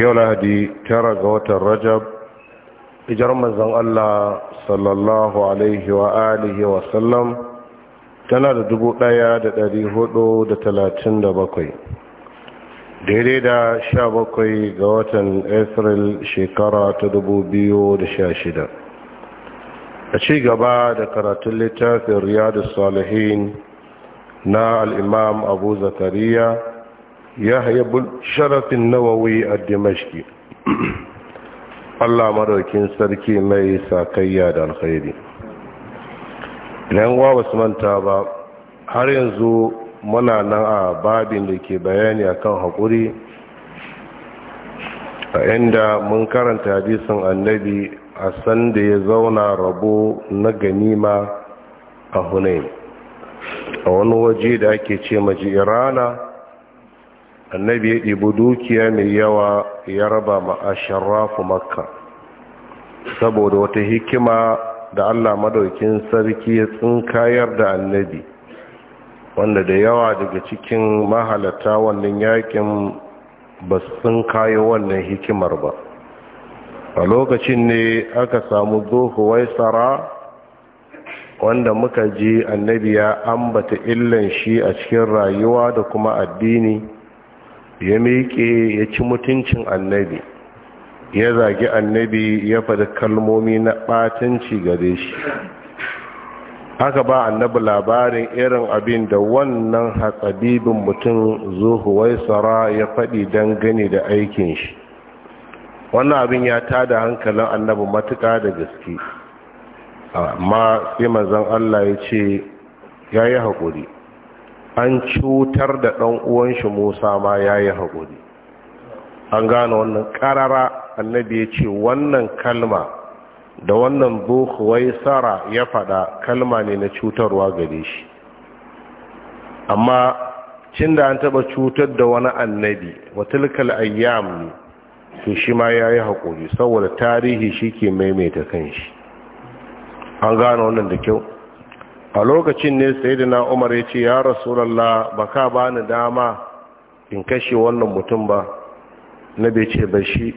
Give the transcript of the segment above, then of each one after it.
yau lahadi tara ga watan rajab ijar manzan Allah sallallahu alaihi wa alihi wa sallam tana da dubu ɗaya da dari hudu da talatin da bakwai daidai da sha bakwai ga watan april shekara ta dubu biyu da sha shida a ci gaba da karatun littafin riyadu salihin na al'imam abu zakariya ya haibul sharafin nawawi a dimashki allah maraukin sarki mai sakayya da alkhairi idan wasu manta ba har yanzu muna nan a babin da ke bayani akan haƙuri a inda mun karanta hadisin annabi a sanda ya zauna rabo na ganima a hunain a wani waje da ake ce irana annabi ya ɗibi dukiya mai yawa ya raba ma asharrafu makka saboda wata hikima da allah madaukin sarki ya tsinkayar da annabi wanda da yawa daga cikin mahalata wannan yakin ba sun kayo wannan hikimar ba a lokacin ne aka samu zuhu waisara wanda muka ji annabi ya ambata illan shi a cikin rayuwa da kuma addini ya miƙe ya ci mutuncin annabi ya zagi annabi ya faɗi kalmomi na ɓatanci gare shi Haka ba annabi labarin irin abin da wannan hatsabibin mutum tsara ya faɗi dangane da aikin shi wannan abin ya tada hankalin annabi matuƙa da gaske amma sai manzon Allah ya ce ya yi haƙuri an cutar da ɗan uwan shi Musa ma ya yi haƙuri an gane wannan ƙarara annabi ya ce wannan kalma da wannan buhuwai sara ya faɗa kalma ne na cutarwa gare shi amma cin da an taɓa cutar da wani annabi watilkal ayyam to shi ma ya yi haƙuri saboda tarihi shi ke maimaita kan shi an gane wannan da kyau a lokacin ne na umar ya ce ya rasulallah ba ka ba ni dama in kashe wannan mutum ba na bai ce ba shi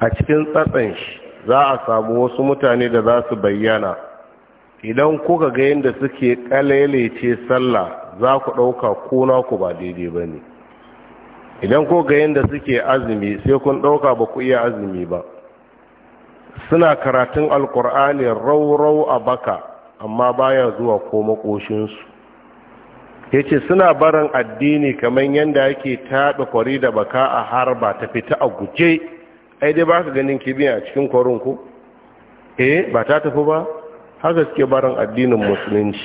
a cikin tsatsan shi za a samu wasu mutane da za su bayyana idan kuka ga yadda suke ce sallah za ku ɗauka kuna ku ba daidai ba ne idan kuka ga yadda suke azumi sai kun ɗauka ba ku iya azumi ba suna karatun alkur'ani raurau a baka amma baya zuwa ko makoshinsu ya ce suna barin addini kamar yadda yake taɓa kwari da baka a harba ta fita a guje ai dai ba ka ganin kibiya a cikin kwarin ku eh ba ta tafi ba haka suke barin addinin musulunci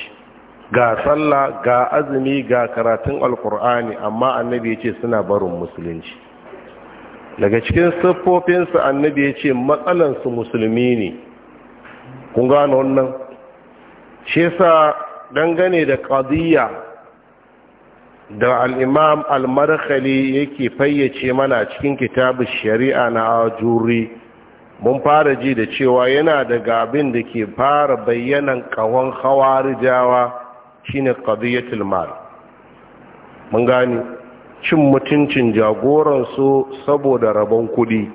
ga sallah ga azumi ga karatun alkur'ani amma annabi ya ce suna barin musulunci daga cikin siffofinsu annabi ya ce matsalansu musulmi ne kun gano wannan shi sa dangane da ƙadiyya da al'imam al-markhali yake fayyace mana cikin kitabu shari'a na juri mun fara ji da cewa yana daga abin da ke fara bayyanan hawa rijawa, shine ƙadiyyatul mal mun gani cin mutuncin jagoransu saboda rabon kuɗi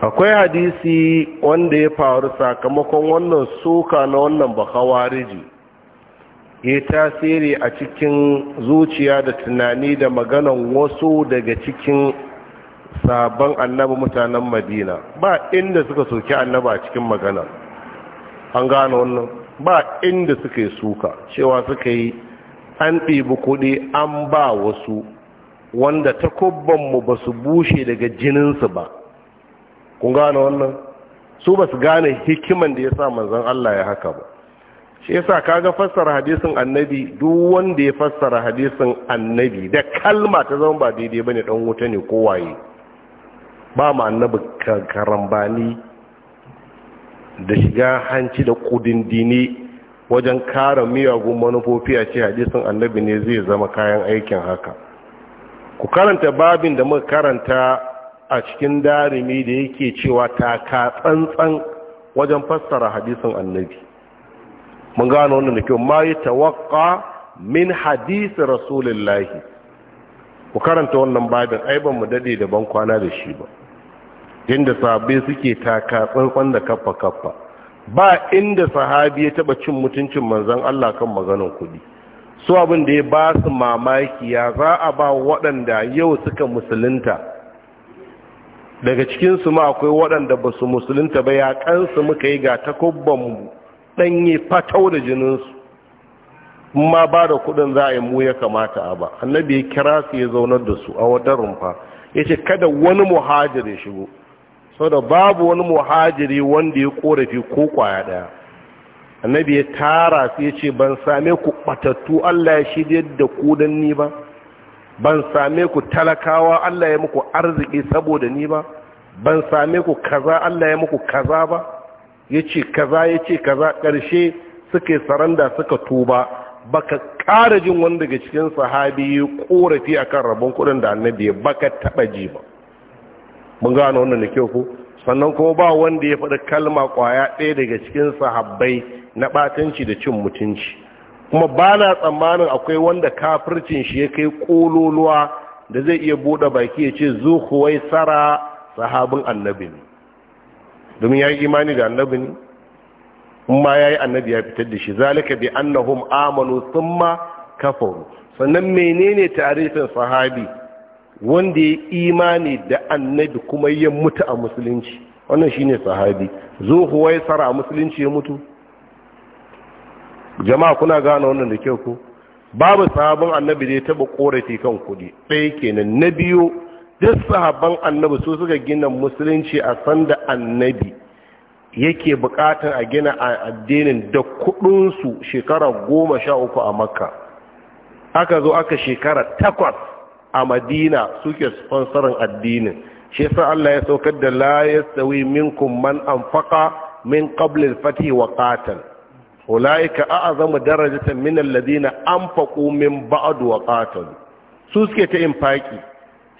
akwai hadisi wanda ya faru sakamakon wannan suka na wannan bakawariji ya tasiri a cikin zuciya da tunani da maganan wasu daga cikin sabon annabi mutanen madina ba inda suka soki annaba a cikin magana an gano wannan ba inda suka yi suka cewa suka yi an ɗibi kuɗi an ba wasu wanda takubbanmu ba su bushe daga jininsu ba kun gane wannan su ba su gane hikiman da ya sa manzan Allah ya haka ba shi yasa kaga fassara hadisin annabi duk wanda ya fassara hadisin annabi da kalma ta zama ba daidai bane ɗan wuta ne ko waye ba ma annabi karambani da shiga hanci da kudin dini wajen kara miyagun manufofi a ce hadisin annabi ne zai zama kayan aikin haka ku karanta babin da muka karanta a cikin darimi da yake cewa taka tsantsan wajen fassara hadisin annabi mun gano wannan da kyau ma yi tawakka min hadisi rasulullahi ku karanta wannan babin ai mu dade da ban kwana da shi ba inda sabai suke taka tsantsan da kaffa kaffa ba inda sahabi ya taba cin mutuncin manzon Allah kan maganar kuɗi su abin da ya ba su mamaki ya za a ba waɗanda yau suka musulunta daga su ma akwai waɗanda ba su musulunta ba ya kan su muka yi ga takubban ɗanye fatau da jininsu ma ba da kuɗin za a yi mu ya kamata a ba annabi ya kira su ya zaunar da su a wadar rumfa ya ce kada wani muhajir ya shigo saboda babu wani muhajiri wanda ya korafi ko kwaya daya annabi ya tara su ya ce ban same ku batattu Allah ya shirye da ku ni ba ban same ku talakawa Allah ya muku arziki saboda ni ba ban same ku kaza Allah ya muku kaza ba ya ce kaza ya ce kaza ƙarshe suke saranda suka tuba baka ƙara jin wani daga cikin sahabi ya korafi akan rabon kuɗin da annabi ya baka taɓa ji ba mun gano wannan da kyau ko sannan kuma ba wanda ya faɗi kalma ƙwaya ɗaya daga cikin sahabbai na ɓatanci da cin mutunci kuma ba na tsammanin akwai wanda kafircin shi ya kai ƙololuwa da zai iya buɗe baki ya ce zu kuwai tsara sahabin annabi ne domin ya yi imani da annabi ne ma ya yi annabi ya fitar da shi zalika bi annahum amanu ma kafaru sannan menene tarihin sahabi wanda ya imani da annabi kuma ya mutu a musulunci wannan shine sahabi zuhuwa ya tsara a musulunci ya mutu jama'a kuna gane wannan da kyau ku. babu sahabban annabi da ya taba korafi kan kudi ɗaya kenan na biyu duk sahabban annabi su suka gina musulunci a sanda annabi yake bukatar a gina addinin da kudinsu shekara goma sha uku a makka aka zo aka shekara takwas a madina suke sponsorin addinin shi yasa Allah ya saukar da la yastawi minkum man anfaqa min qabl al-fath wa qatal ulaika a'zamu darajatan min alladhina anfaqu min ba'd wa qatal su suke ta infaki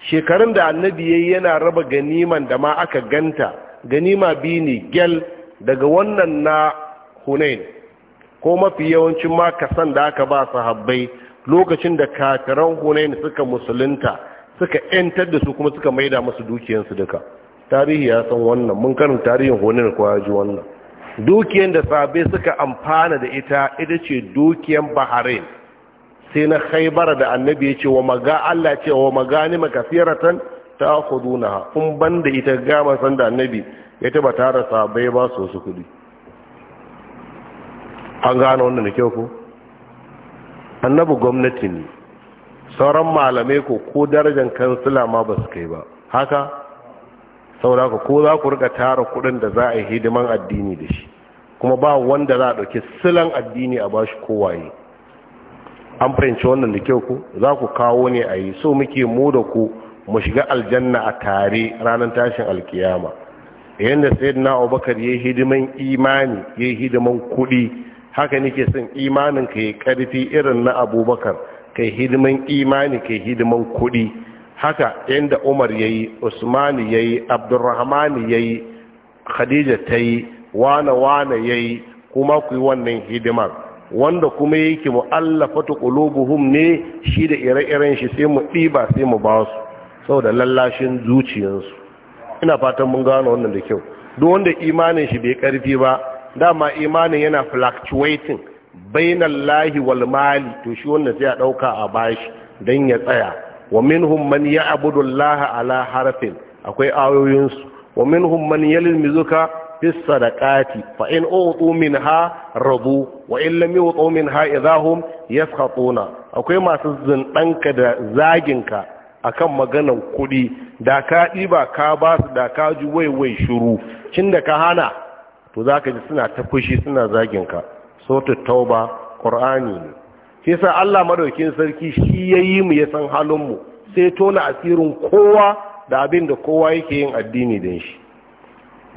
shekarun da annabi yayi yana raba ganiman da ma aka ganta ganima bi ne gel daga wannan na Hunain ko mafi yawancin ma kasan da aka ba sahabbai lokacin da kafiran hunain suka musulunta suka yantar da su kuma suka maida musu dukiyansu duka tarihi ya san wannan mun karin tarihin hunain kwa ji wannan dukiyan da sabai suka amfana da ita ita ce dukiyan bahrain sai na haibara da annabi ya ce wa maga Allah ce wa magani makafiratan ta ha kun banda ita gama san da annabi ya taba tara sabai ba su wasu kudi an gano wannan da kyau ko annabi gwamnati ne sauran malamai ko ko darajar kansila ma ba su kai ba haka sauraka ko za ku rika tara kudin da za a yi hidiman addini da shi kuma ba wanda za a ɗauki silan addini a bashi kowaye an fahimci wannan da kyau ku za ku kawo ne a yi so muke mu da ku mu shiga aljanna a tare ranar tashin alkiyama yadda sai na abubakar ya yi hidiman imani ya yi hidiman kuɗi haka nake son imanin ka yi karfi irin na abubakar kai hidiman imani kai hidiman kuɗi haka yadda umar ya yi usmani ya yi abdurrahmani ya yi khadija ta yi wane-wane ya yi kuma ku yi wannan hidimar wanda kuma yake mu'allafatu qulubuhum ne shi da ire-iren shi sai mu ɗiba sai mu ba su saboda lallashin zuciyarsu ina fatan mun gano wannan da kyau duk wanda imanin shi bai karfi ba dama imanin yana fluctuating bainan lahi wal mali to shi wannan zai dauka ɗauka a bashi don ya tsaya wa minhum man ya Allah ala harfin akwai ayoyinsu wa minhum man yalmizuka fi sadaqati fa in utu minha rabu wa in lam yutu minha idahum yaskhatuna akwai masu zindanka da zaginka akan maganan kuɗi da ka diba ka ba su da ka ji waiwai shiru cin da ka hana to za ka ji suna ta fushi suna zagin ka tauba ƙur'ani ne ke sa allah madaukin sarki shi ya yi mu ya san halinmu sai tona asirin kowa da abin da kowa yake yin addini da shi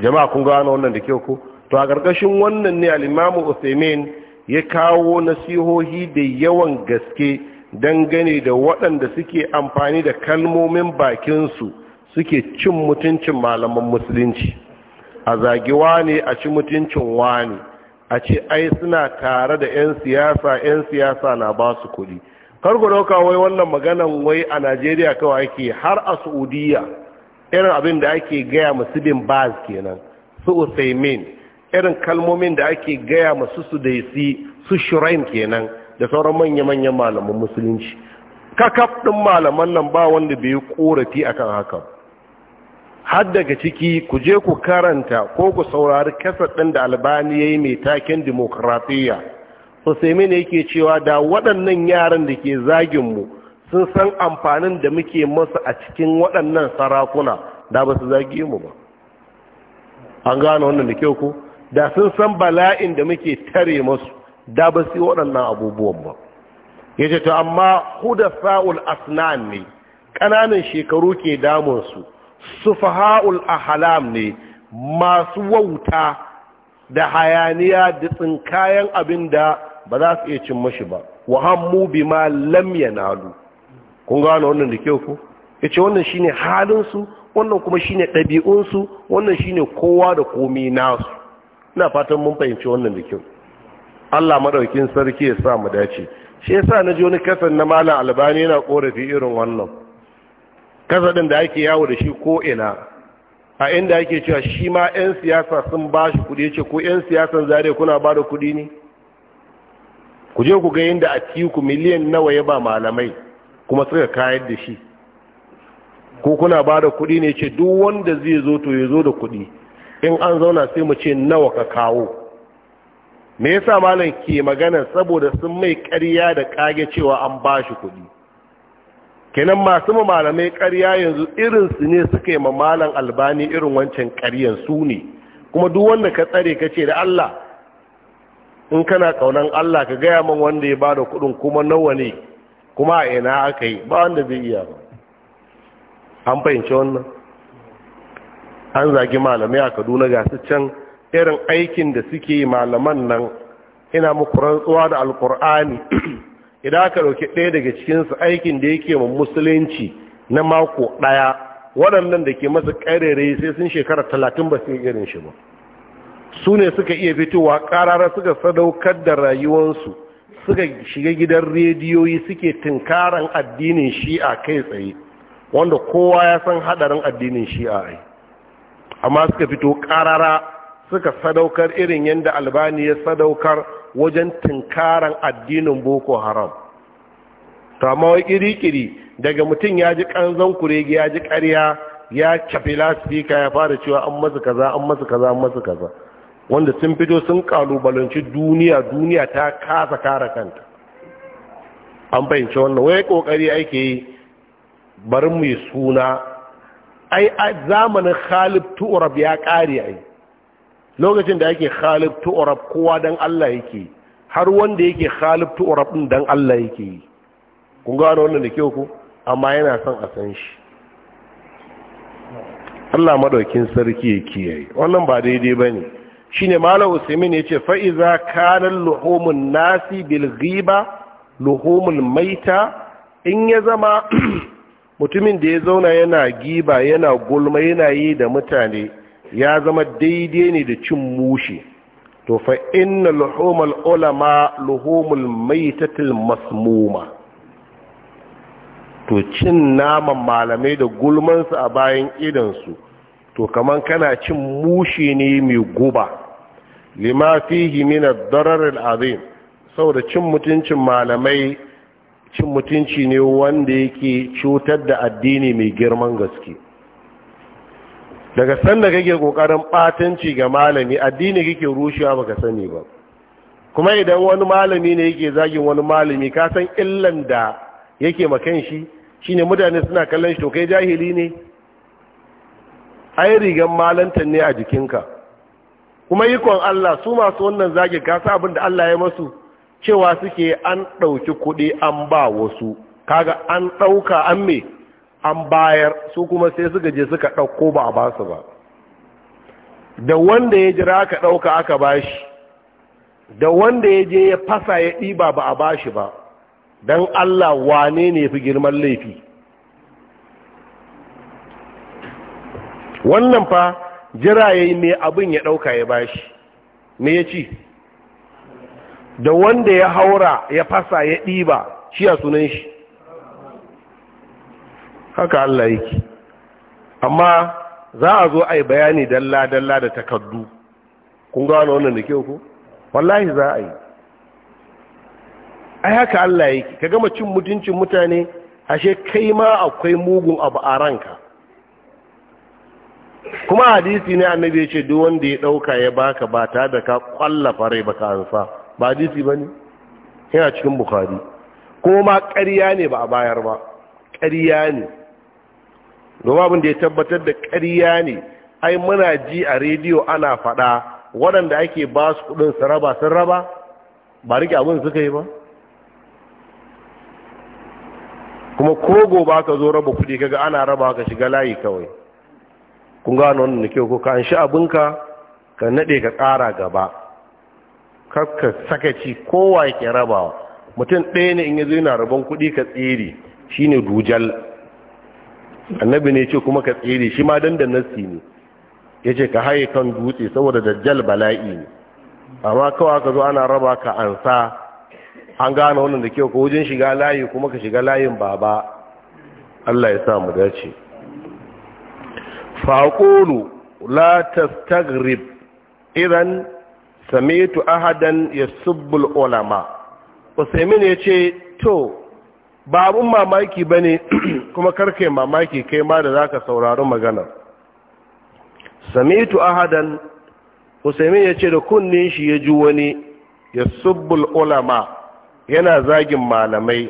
jama'a kun gano wannan da kyau ko to a ƙarƙashin wannan ne al'imamu usaimin ya kawo nasihohi da yawan gaske dangane da waɗanda suke amfani da kalmomin bakinsu suke cin mutuncin malaman musulunci a zagi wani a ci mutuncin wani a ce ai suna tare da 'yan siyasa 'yan siyasa na ba su kuɗi karku ɗauka wai wannan maganan wai a najeriya kawai ake har a saudiya irin abin da ake gaya masu bin baz kenan su usaimin irin kalmomin da ake gaya masu su daisi su shirin kenan da sauran manya-manyan malaman musulunci kakaf ɗin malaman nan ba wanda bai yi korafi akan haka har daga ciki ku je ku karanta ko ku saurari kasar ɗin da albani ya yi mai taken su husaimi ne yake cewa da waɗannan yaran da ke zaginmu sun san amfanin da muke masa a cikin waɗannan sarakuna da ba su zagi mu ba an gano wannan da kyau ku. da sun san bala'in da muke tare masu da ba su yi waɗannan abubuwan ba ya ce to amma huda sa'ul asnan ne ƙananan shekaru ke damunsu sufaha'ul ahlam ne masu wauta da hayaniya da tsinkayen abin da ba za su iya cin mashi ba wa hammu lamya lam yanalu kun gano wannan da kyau Ya yace wannan shine halin su wannan kuma shine ɗabi'un su wannan shine kowa da komai nasu ina fatan mun fahimci wannan da kyau Allah maɗaukin sarki ya sa mu dace shi yasa naji wani kasan na malam albani yana korafi irin wannan kasadin da ake yawo da shi ko ina a inda ake cewa shi ma 'yan siyasa sun ba shi kudi ce ko 'yan siyasan zare kuna ba da kudi ne ku je ku ga yadda a tiku miliyan nawa ya ba malamai kuma suka kayar da shi ko kuna ba da kudi ne ce duk wanda zai zo to ya zo da kudi in an zauna sai mu ce nawa ka kawo me yasa malam ke magana saboda sun mai ƙarya da kage cewa an ba shi kuɗi kenan masu malamai karya yanzu irinsu ne suka yi mamalan albani irin wancan ƙaryan su ne kuma duk wanda ka tsare ka ce da Allah in kana kaunan Allah ka gaya man wanda ya bada kuɗin kuma nawa ne kuma a ina aka yi ba wanda zai iya ba an fahimci wannan an zagi malamai a kaduna ga su can irin aikin da suke malaman nan ina muku rantsuwa da alkur'ani idan aka ɗauki ɗaya daga cikinsu aikin da yake wa musulunci na mako ɗaya waɗannan da ke masa ƙarere sai sun shekara talatin ba su irin shi ba su ne suka iya fitowa ƙarara suka sadaukar da rayuwarsu suka shiga gidan rediyoyi suke tunkaran addinin shi'a kai tsaye wanda kowa ya san haɗarin addinin shi'a ai amma suka fito ƙarara suka sadaukar irin yadda albani ya sadaukar wajen tunkaran addinin boko haram to amma wai kiri-kiri daga mutum ya ji kanzon kuregi ya ji ƙarya ya kafi lasifika ya fara cewa an masu kaza an masu kaza an masu kaza wanda sun fito sun kalubalanci duniya duniya ta kasa kare kanta an fahimci wannan wai kokari ake yi bari mu yi suna ai a zamanin khalif tu'rab ya kare ai lokacin da yake khalif tu'rab kowa dan Allah yake har wanda yake khalif tu'rab din dan Allah yake kun gano wannan da kyau ku amma yana son a san shi Allah madaukin sarki ya yayi wannan ba daidai bane shine malam usaimin yace fa iza kana luhumun nasi bil ghiba luhumul maita in ya zama mutumin da ya zauna yana giba yana gulma yana yi da mutane ya zama daidai ne da cin mushi to fa inna luhumul ulama luhumul maitatil masmuma to cin naman malamai da gulmansu a bayan su, to kaman kana cin mushi ne mai guba lima fihi min ad-darar al-azim saboda cin mutuncin malamai cin mutunci ne wanda yake cutar da addini mai girman gaske daga sanda kake kokarin batanci ga malami addini kake rushewa baka sani ba kuma idan wani malami ne yake zagin wani malami ka san illan da yake makan shi shine mutane suna kallon shi to kai jahili ne ai rigan malantan ne a jikinka kuma ikon Allah su masu wannan zagi ka san abin da Allah ya masu cewa suke an ɗauki kuɗi an ba wasu kaga an ɗauka an me an bayar su kuma sai suka je suka ɗauko ba a ba su ba da wanda ya jira aka ɗauka aka ba shi da wanda ya je ya fasa ya ɗiba ba a ba shi ba don allah wane ne fi girman laifi wannan fa jira ya yi mai abin ya ɗauka ya ba shi me ya ci da wanda ya haura ya fasa ya ɗiba shi a sunan shi haka Allah yake amma za a zo a yi bayani dalla-dalla da takardu kun gano wannan da kyau ko wallahi za a yi ai haka Allah yake ka gama cin mutuncin mutane ashe kai ma akwai mugun abu a ranka kuma hadisi ne annabi ya ce duk wanda ya dauka ya baka ba ta da ka kwallafa rai baka ansa ba hadisi bane yana cikin bukhari kuma ma ƙarya ne ba a bayar ba ƙarya ne domin abin da ya tabbatar da ƙarya ne ai muna ji a rediyo ana faɗa waɗanda ake ba su kuɗin su raba sun raba ba rike abin suka yi ba kuma kogo ba ka zo raba kuɗi kaga ana raba ka shiga layi kawai kun gano wannan nake ko ka shi abinka ka naɗe ka ƙara gaba saka ci kowa ke rabawa mutum ɗaya ne in zo yana rabon kuɗi ka tsere shine dujal annabi ne ce kuma ka tsere shi ma dan da nassi ne ce ka haye kan dutse saboda dajjal bala'i ne amma kawai ka zo ana raba ka ansa an gane wannan da kyau ko wajen shiga layi kuma ka shiga layin baba Allah ya sa mu dace faqulu la tastagrib idan sami'tu ahadan yasubbu ulama usaimin yace to ba abin mamaki ba ne kuma karkai mamaki kai ma da za ka saurari maganar samitu ahadan husaini ya ce da kunnin shi ya ji wani ya subbul ulama yana zagin malamai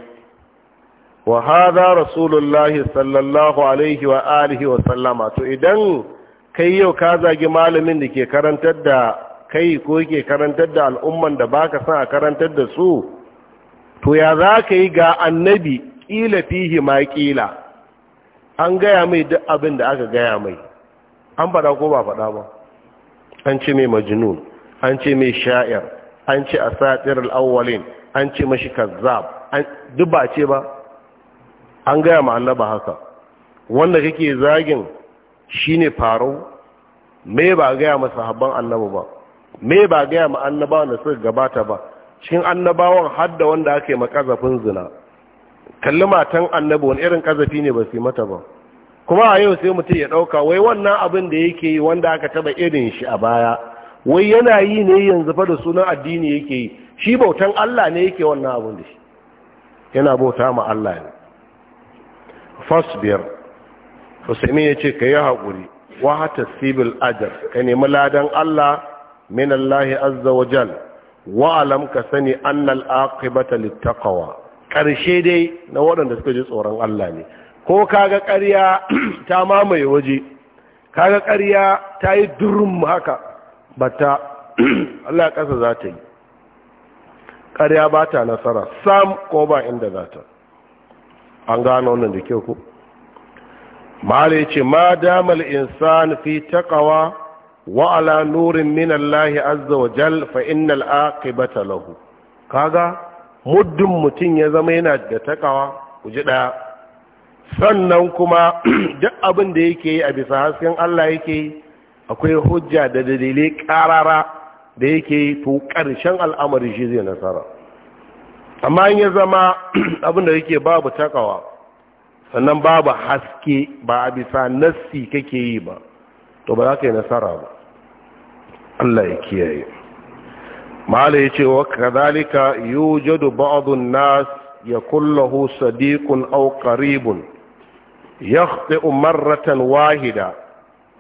wa hadha rasulullahi sallallahu alaihi wa alihi wa sallama to idan kai yau ka zagi malamin da ke karantar da kai ko yake karantar da al'umman da baka san a karantar da su to ya za ka yi ga annabi ƙila fihi ma ƙila an gaya mai duk abin da aka gaya mai an faɗa ko ba faɗa ba an ce mai majinun an ce mai sha'ir an ce a satir al'awwalin an ce mashi kazzab duk ba ce ba an gaya ma annaba haka wanda kake zagin shine farau me ba gaya masa habban annaba ba me ba gaya ma annaba wanda suka gabata ba cikin annabawan hadda wanda aka yi makazafin zina kalli matan annabi wani irin kazafi ne ba su mata ba kuma a yau sai mutum ya ɗauka wai wannan abin da yake yi wanda aka taba irin shi a baya wai yana yi ne yanzu fa da sunan addini yake yi shi bautan Allah ne yake wannan abin da shi yana bauta ma Allah ne fasbir Usaimin ya ce ka yi haƙuri wa hata sibil ajar ka nemi ladan Allah min Allah azza wa jalla wa'alam ka sani annal aqibata littaqwa karshe dai na waɗanda suka ji tsoron Allah ne ko kaga ƙarya ta mamaye waje kaga ƙarya ta yi durum haka bata Allah ƙasa za ta yi ƙarya ba ta nasara sam ko ba inda za ta an gano wannan da kyau ku mala ya ce ma damal insani fi taqwa Wa'ala ala nurin min Allah azza wa jal fa innal aqibata lahu kaga muddin mutum ya zama yana da takawa kuji ɗaya? sannan kuma duk abin da yake yi a bisa hasken Allah yake yi akwai hujja da dalilai karara da yake yi to ƙarshen al'amari shi zai nasara amma in ya zama abin da yake babu takawa sannan babu haske ba a bisa nassi kake yi ba to ba za ka yi nasara ba Allah ya kiyaye mala ya ce wa kazalika yujadu ba'dun nas yakullahu sadiqun aw qaribun yakhti'u marratan wahida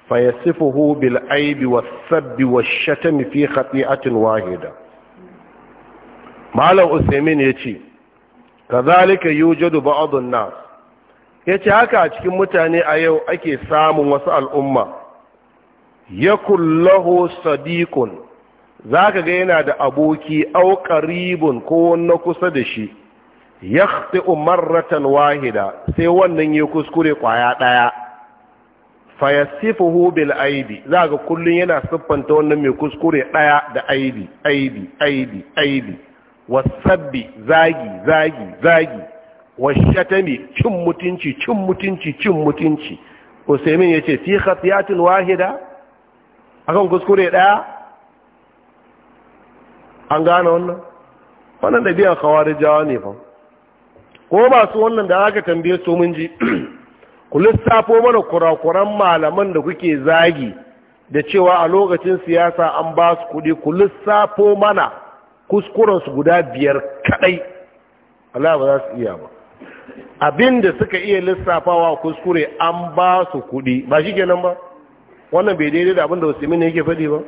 fayasifuhu bil aibi was sabbi was shatami fi khati'atin wahida malam usaimin ya ce kazalika yujadu ba'dun nas yace haka a cikin mutane a yau ake samun wasu al'umma yakun Sadikun sadiqun zaka ga yana da aboki au qaribun ko wanda kusa da shi ya yakhti'u umarratan wahida sai wannan ya kuskure kwaya ɗaya fayasifuhu bil aibi ga kullum yana siffanta wannan mai kuskure ɗaya da aibi aibi aibi aibi wasabbi zagi zagi zagi washatami cin mutunci cin mutunci cin mutunci usaimin yace fi khatiyatin wahida akan kuskure ɗaya an gane wannan wannan ɗabi'a kawarin jawa ne fa ko ba su wannan da aka tambaye su mun ji ku lissafo mana kurakuran malaman da kuke zagi da cewa a lokacin siyasa an ba su kuɗi ku lissafo mana kuskurensu guda biyar kaɗai Allah ba za su iya ba abin da suka iya lissafawa kuskure an ba su kuɗi ba shi kenan ba wannan bai daidai da abin da musulmi ne yake faɗi ba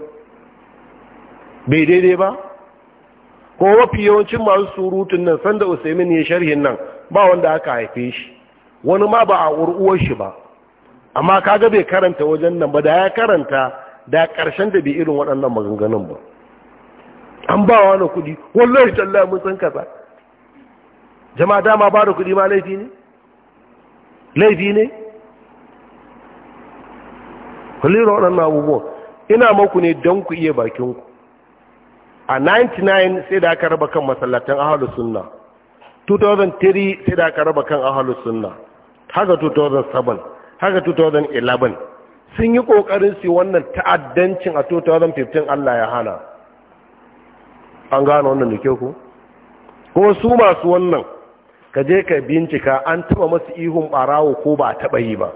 bai daidai ba ko mafi yawancin masu surutun nan sanda usaimin ya sharhin nan ba wanda aka haife shi wani ma ba a ur'uwar shi ba amma kaga bai karanta wajen nan ba da ya karanta da karshen da bai irin waɗannan maganganun ba an ba wani kuɗi wallahi tallahi mun san kaza jama'a dama ba da kudi ma laifi ne laifi ne ku lura waɗannan abubuwan ina maku ne don ku iya bakinku a 99 sai da aka raba kan masallatan ahalus sunna 2003 sai da aka raba kan ahalus sunna haka 2007 haka 2011 sun yi kokarin su wannan ta'addancin a 2015 Allah ya hana an gano wannan da ke ku ko su masu wannan ka je ka bincika an taba masu ihun barawo ko ba a taba yi ba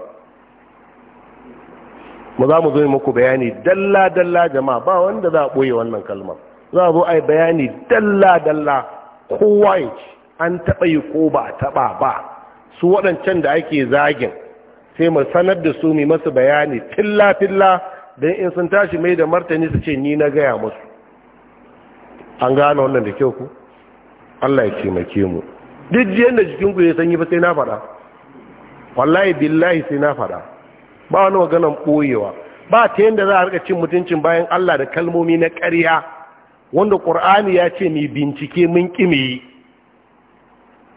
mu za mu zo muku bayani dalla dalla jama'a ba wanda za a ɓoye wannan kalmar za a zo a yi bayani dalla dalla kowa ya ci an taɓa yi ko ba a taɓa ba su waɗancan da ake zagin sai mu sanar da su mai masu bayani filla filla don in sun tashi mai da martani su ce ni na gaya musu an gane wannan da kyau ku Allah ya taimake mu duk jiyan da jikinku ya sanyi ba sai na faɗa wallahi billahi sai na faɗa ba wani maganan ɓoyewa ba ta yadda za a rika cin mutuncin bayan Allah da kalmomi na ƙarya wanda ƙur'ani ya ce mai bincike mun ƙimiyi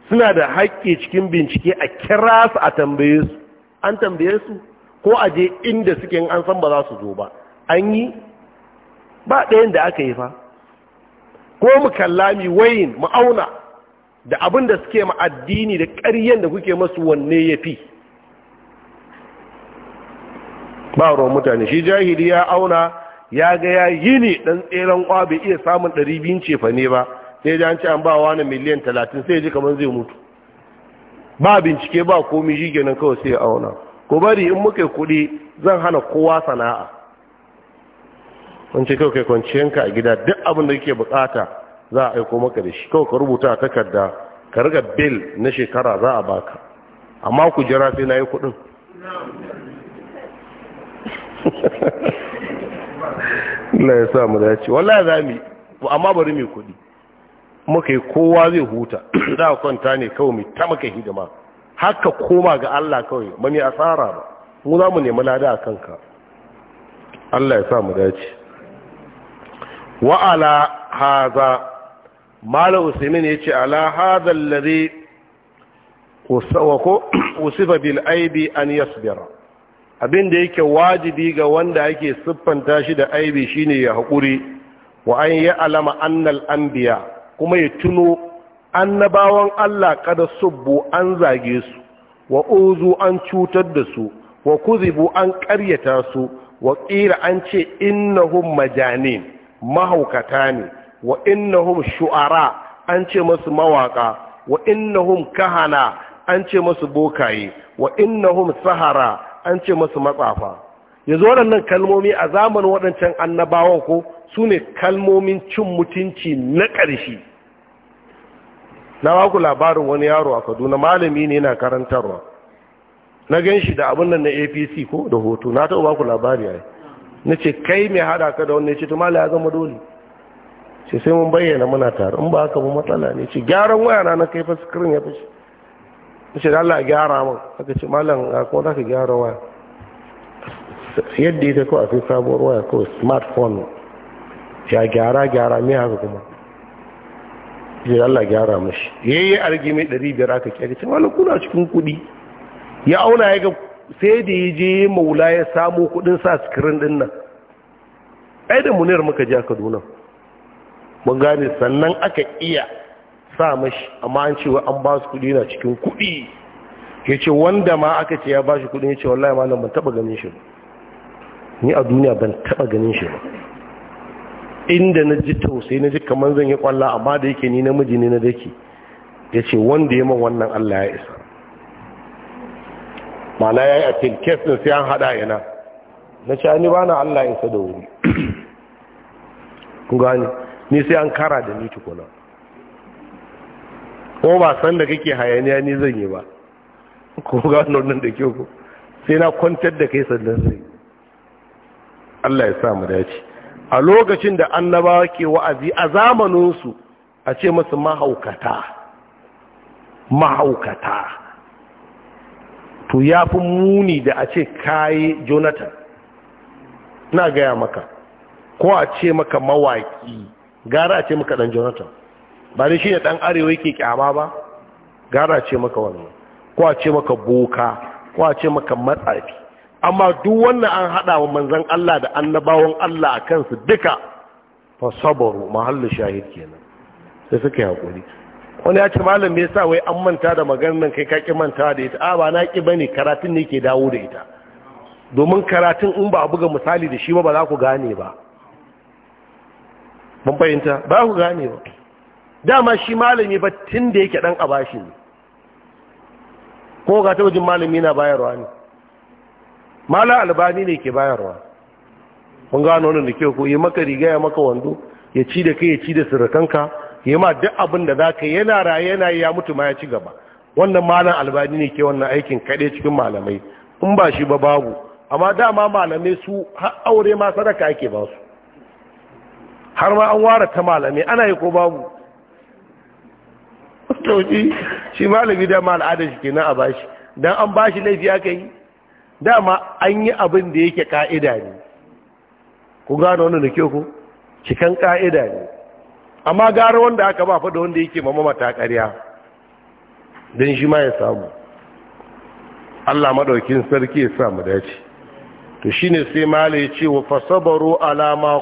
suna da haƙƙi cikin bincike a kira su a tambaye su an tambaye su ko a je inda suke an san ba za su zo ba an yi ba ɗayan da aka yi fa ko mu kallami wayin mu auna da abin da suke ma addini da ƙaryen da kuke masu wanne ya fi ba ruwan mutane shi jahili ya auna ya ga ya yi ne ɗan tseren kwa bai iya samun ɗari biyun cefa ne ba sai da an ci an ba na miliyan talatin sai ji kamar zai mutu ba bincike ba komi shi kenan kawai sai ya auna ko bari in muka kuɗi zan hana kowa sana'a kwanci kawai kwanciyanka a gida duk abin da kake bukata za a aiko maka da shi kawai ka rubuta a takarda ka riga bil na shekara za a baka amma ku jira sai na yi kuɗin Allah ya sa mu dace wallah za mu amma bari mu kudi muka yi kowa zai huta za a kwanta ne kawai mu ta maka hidima haka koma ga Allah kawai ba mu asara ba mu za mu nemi lada a kanka Allah ya sa mu dace wa ala haza mala usaimin ce, ala hadha alladhi wasawako usifa bil aibi an yasbira abin da yake wajibi ga wanda yake siffanta shi da aibi shine ya haƙuri wa an yi alama annal anbiya kuma ya tuno annabawan Allah kada subbu an zage su wa uzu an cutar da su wa kuzibu an ƙaryata su wa ƙira an ce innahum majanin mahaukata ne wa innahum shu'ara an ce masu mawaka wa innahum kahana an ce masu bokaye wa innahum sahara an ce masu matsafa yanzu waɗannan kalmomi a zamanin waɗancan annabawan ko su ne kalmomin cin mutunci na ƙarshe na ku labarin wani yaro a kaduna malami ne yana karantarwa na gan shi da abin nan na apc ko da hoto na taɓa baku labari ya na ce kai mai haɗa ka da wani ce tumala ya zama dole ce sai mun bayyana muna tare in ba haka mu matsala ne ce gyaran wayana na kai fa ya fashe ce da Allah gyara min aka ce malam ko za ka gyara waya yadda ita kawai akwai sabuwar waya kawai smartphone ya gyara gyara mai haka kuma ce da Allah gyara mashi ya yi argimi 500 ɗari biyar aka kyari ce malam kuna cikin kuɗi ya auna ya ga sai da ya je maula ya samu kuɗin sa sikirin ɗin nan ai da munir muka ji a kaduna mun gane sannan aka iya sa mashi amma an ce an ba su kudi na cikin kudi ya ce wanda ma aka ce ya ba shi kudi ya ce wallahi ma nan ban taba ganin shi ni a duniya ban taba ganin shi ba inda na ji tausayi na ji kamar zan yi kwalla amma da yake ni namiji ne na dake ya ce wanda ya man wannan allah ya isa mana ya yi a tilkes din sai an hada yana na ce ni ba na allah ya isa da wuri kun gani ni sai an kara da ni tukuna ko ba san da kake hayaniya ni zan yi ba ko ga nan da ke ku sai na kwantar da kai sannan sai Allah ya sa mu dace a lokacin da annabawa ke wa'azi a zamanin su a ce masu mahaukata mahaukata to ya fi muni da a ce kayi jonathan na gaya maka ko a ce maka mawaki gara a ce maka dan jonathan ba ne shi ne ɗan arewa yake kyama ba gara ce maka wannan ko ce maka boka ko ce maka matsafi amma duk wannan an haɗa wa manzan Allah da annabawan Allah a kansu duka fa sabaru mahallin shahid kenan sai suka yi haƙuri wani ya ce malam me yasa wai an manta da maganin kai ka ki manta da ita a ba na ba ne karatun ne ke dawo da ita domin karatun in ba a buga misali da shi ba ba za ku gane ba ban fahimta ba ku gane ba dama shi malami ba tun da yake dan abashi ne ko ga ta wajen malami na bayarwa ne mala albani ne ke bayarwa kun gano wannan da kyau ko yi maka riga ya maka wando ya ci da kai ya ci da surukanka ya ma duk abin da za ka yana raye yana ya mutu ma ya ci gaba wannan malam albani ne ke wannan aikin kaɗai cikin malamai in ba shi ba babu amma dama malamai su har aure ma sadaka ake ba su har ma an ware ta malamai ana yi ko babu tauci shi malami dama al'adar shi kenan a bashi don an bashi laifi aka yi dama an yi abin da yake ka'ida ne ku gano wani da ke ku cikan ka'ida ne amma gara wanda aka ba da wanda yake mamama ta ƙarya don shi ma ya samu Allah maɗaukin sarki ya sa mu dace to shine sai mala ya ce wa fasabaro alama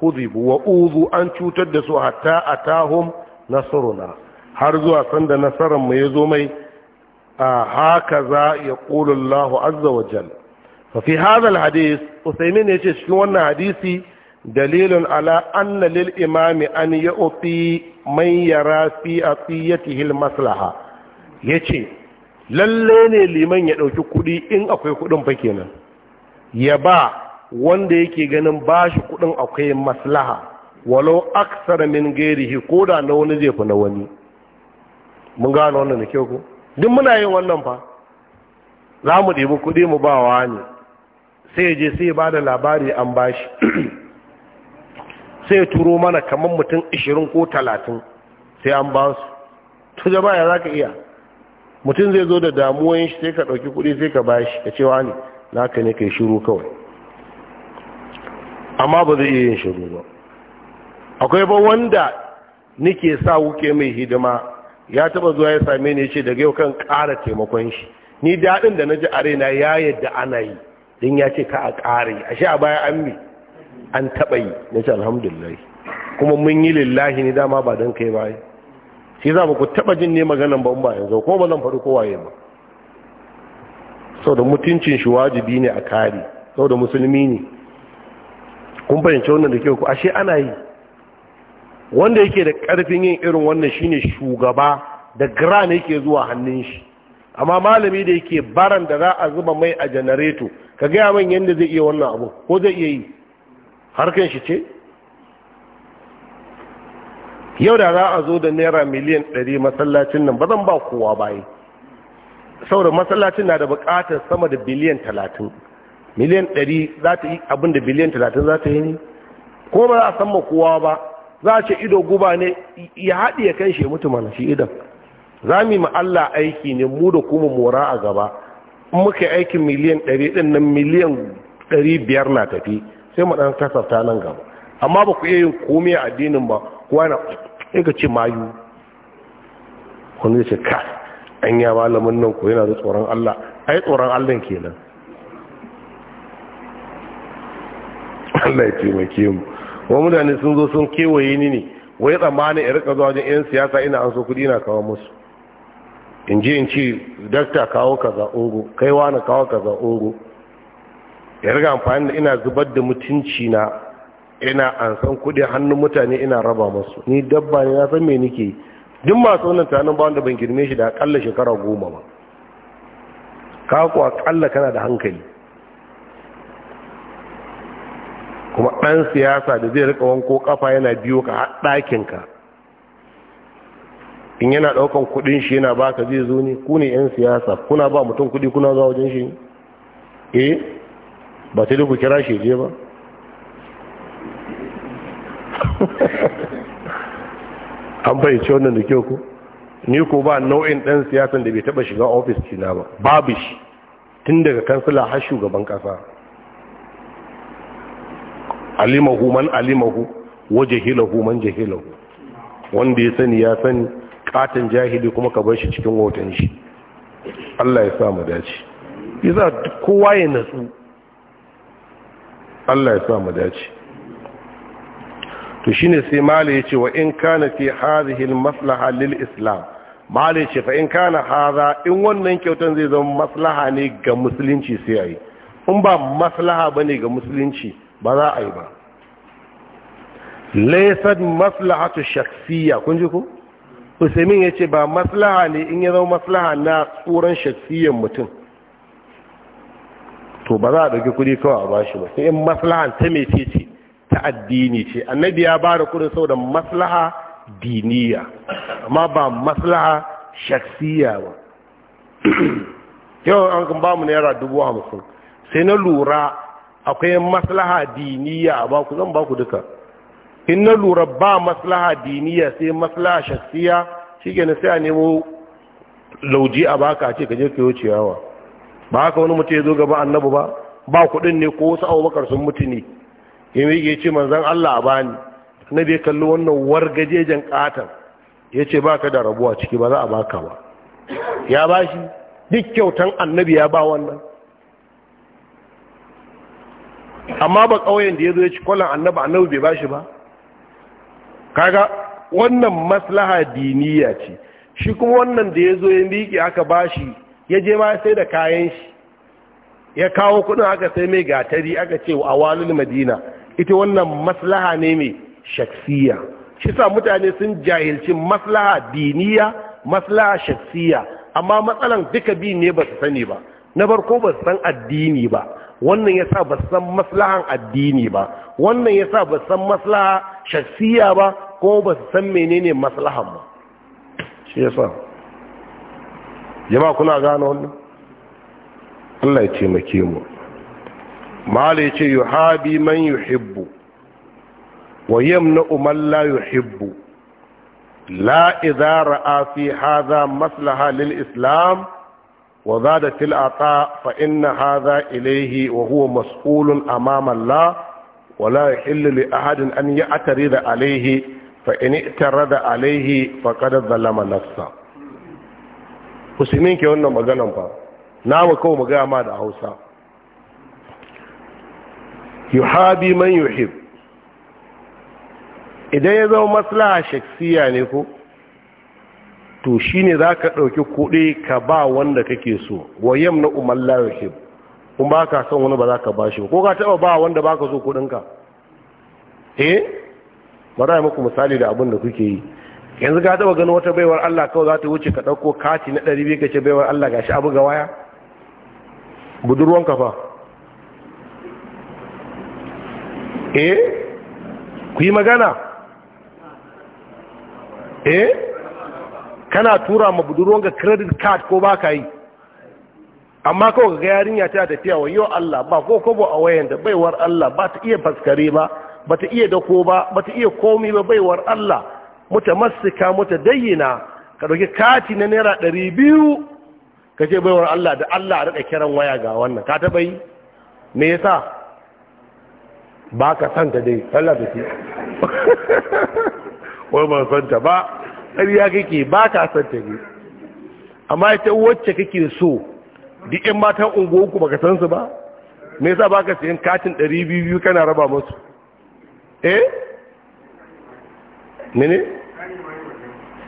kuzibu wa uzu an cutar da su hatta tahon. nasaruna har zuwa sanda nasarar mu ya zo mai a haka za ya Allah azza wa jal fi hadal hadis usaimin ya ce cikin wannan hadisi dalilin ala anna lil imami an ya ofi man yara fi a tsiyatihil maslaha ya ce lalle ne liman ya ɗauki kuɗi in akwai kuɗin fa kenan ya ba wanda yake ganin bashi kuɗin akwai maslaha walau aksar min gairihi ko da na wani zai fi na wani mun gano wannan da kyau ko, duk muna yin wannan fa za mu ɗebi kuɗi mu ba wa ne sai je sai ba da labari an bashi sai turo mana kamar mutum 20 ko talatin sai an ba su to jama'a ya za ka iya mutum zai zo da damuwan shi sai ka ɗauki kuɗi sai ka bashi ka cewa ne ka ne kai shiru kawai amma ba zai iya yin shiru ba akwai ba wanda nike sa wuke mai hidima ya taba zuwa ya same ni ce daga yau kan ƙara taimakon shi ni daɗin da na ji a raina ya yadda ana yi don ya ce ka a ƙare a sha baya an mi an taɓa yi na ce alhamdulillah kuma mun yi lillahi ni dama ba don kai baya shi za ku taɓa jin ne maganan ba ba yanzu ko ba zan faru ko waye ba saboda mutuncin shi wajibi ne a kare saboda musulmi ne kun fahimci wannan da kyau ku ashe ana yi wanda yake da karfin yin irin wannan shine shugaba da gran yake zuwa hannun shi amma malami da yake baran da za a zuba mai a janareto ka gaya man yadda zai iya wannan abu ko zai iya yi harkan shi ce yau da za a zo da naira miliyan 100 masallacin nan ba zan ba kowa baye saboda masallacin na da bukatar sama da biliyan 30 miliyan 100 za ta yi abin da biliyan 30 za ta yi ne ko ba za a san ma kowa ba za a ce ido guba ne ya haɗi ya kai shi mutu mana shi idan za mu yi ma Allah aiki ne mu da kuma mora a gaba muka yi aikin miliyan ɗari ɗin nan miliyan ɗari biyar na tafi sai mu ɗan kasafta nan gaba amma ba ku iya yin komai a addinin ba kuwa na ka ce mayu wani ce ka an yi malamin nan ku yana da tsoron Allah ai tsoron Allah kenan Allah ya taimake mu wa mutane sun zo sun kewaye ni ne wai tsammanin ya rika zuwa wajen yan siyasa ina an so kuɗi na kawo musu in ji in ci dakta kawo kaza ungu, kai wani kawo kaza ungu, ya riga amfani da ina zubar da mutunci na ina an san kudi hannun mutane ina raba musu ni dabba ne na san me nake duk masu wannan tunanin ba wanda ban girme shi da akalla shekara goma ba ka ku akalla kana da hankali kuma ɗan siyasa da zai rika wanko kafa yana biyo ka ɗakinka in yana ɗaukan kuɗin shi yana ba ka zai zo ne ku ne 'yan siyasa kuna ba mutum kuɗi kuna zuwa wajen shi E, ba ta ku kira shi je ba an fahimci wannan da kyau ku ni ko ba nau'in ɗan siyasan da bai taɓa shiga ofis cina ba babu shi tun daga kansila har shugaban ƙasa alimahu man alimahu wa jahilahu man jahilahu wanda ya sani ya sani katon jahili kuma ka bar shi cikin hoton shi Allah ya sa mu dace yasa kowa ya natsu Allah ya sa mu dace to shine sai mala yace wa in kana fi hadhihi al-maslaha lil islam mala yace fa in kana hadha in wannan kyautan zai zama maslaha ne ga musulunci sai ayi in ba maslaha bane ga musulunci ba za a yi ba maslaha maslahatu shaksiya kun ji ko Usaimin ya ce ba maslaha ne in ya zama maslaha na tsoron shakhsiyyar mutum to ba za a ɗauki kuɗi kawai a bashi ba sai in ta mece ce ta addini ce annabi ya ba da sau saboda maslaha diniya amma ba maslaha shaksiya ba yau an kan ba mu naira dubu hamsin sai na lura akwai maslaha diniya a baku zan baku duka in na lura ba maslaha diniya sai maslaha shaksiya shi ke sai a nemo lauji a baka ce kaje ka yi ciyawa ba haka wani mutum ya zo gaba annabu ba ba kuɗin ne ko wasu abubakar sun mutu ne ya ce manzan allah a bani na bai kalli wannan wargajejen katon ya ce ba ka da rabuwa ciki ba za a baka ba ya ba shi duk kyautan annabi ya ba wannan amma ba ƙauyen da ya zo ya ci kwallon annaba annabi bai bashi ba kaga wannan maslaha diniya ce shi kuma wannan da ya zo ya miƙe aka bashi ya je ma sai da kayan shi ya kawo kudin aka sai mai gatari aka ce a walin madina ita wannan maslaha ne mai shaksiya shi sa mutane sun jahilci maslaha diniya maslaha shaksiya amma matsalan duka bi ne ba su sani ba na ko ba san addini ba wannan ya sa ba san maslahan addini ba wannan ya sa ba san maslaha shaksiya ba ko ba san menene maslahan ba shi ya sa jama'a kuna gano wannan Allah ya taimake mu mala ya ce yuhabi man yuhibbu wa yamna'u man la yuhibbu la idza ra'a fi hadha maslaha lil islam wa zada til ata fa inna hadha ilayhi wa huwa mas'ulun amama Allah wa la yahillu li ahadin an ya'tarida alayhi fa in i'tarada alayhi faqad zalama nafsa Usmin ke wannan maganan fa na mu kawo magana ma da Hausa yuhabi man yuhib idan ya zama maslaha shaksiya ne ko to ne za ka ɗauki kuɗi ka ba wanda kake so wayam na umar lawakim kuma ba ka son wani ba za ka ba shi ko ka taɓa ba wanda ba ka so kuɗinka eh bara yi muku misali da abin da kuke yi yanzu ka taɓa gani wata baiwar Allah kawai za ta wuce ka ɗauko kati na ɗari biyu ka ce baiwar Allah shi abu ga waya budurwan kafa eh ku yi magana eh kana tura ma ga credit card ko ba ka yi amma kawai ga yarinya ta tafiya wa yau Allah ba ko kobo a wayan da baiwar Allah ba ta iya faskare ba ba ta iya dako ba ba ta iya komi ba baiwar Allah mutamassika mutadayyina ka dauki kati na naira ɗari biyu ka ce baiwar Allah da Allah a rika kiran waya ga wannan ka taɓa yi me yasa ba ka santa dai ta ce ba ƙarya kake ba ka san ta ne amma ita wacce kake so duk yan matan unguwanku baka san su ba me yasa baka sayan katin 200 kana raba musu eh mene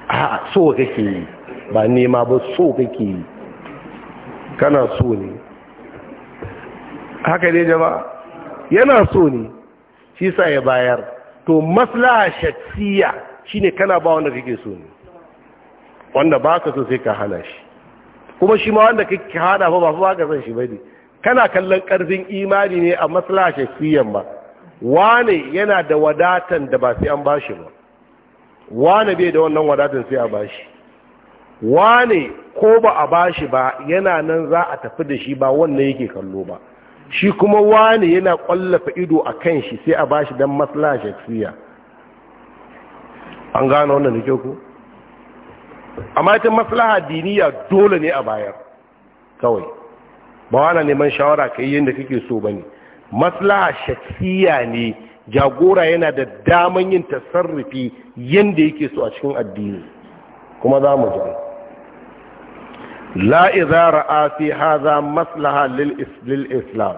a so kake yi ba nema ba so kake yi kana so ne haka ne jama'a yana so ne shi sa ya bayar to maslaha shatsiya shine kana ba wanda kake so ne wanda ba ka so sai ka hana shi kuma shi ma wanda kake hana ba ba ba ka san shi bane kana kallon karfin imani ne a maslaha shafiyan ba wane yana da wadatan da ba sai an bashi ba wane bai da wannan wadatan sai a bashi wane ko ba a bashi ba yana nan za a tafi da shi ba wannan yake kallo ba shi kuma wane yana kwallafa ido a kan shi sai a bashi don maslaha shafiya an gano wannan da kyau ku amma ita maslaha diniya dole ne a bayar kawai ba na neman shawara ka yi yadda kake so ba ne maslaha shafiya ne jagora yana da daman yin tasarrufi yadda yake so a cikin addini kuma za mu ji la idza ra'a maslaha lil islam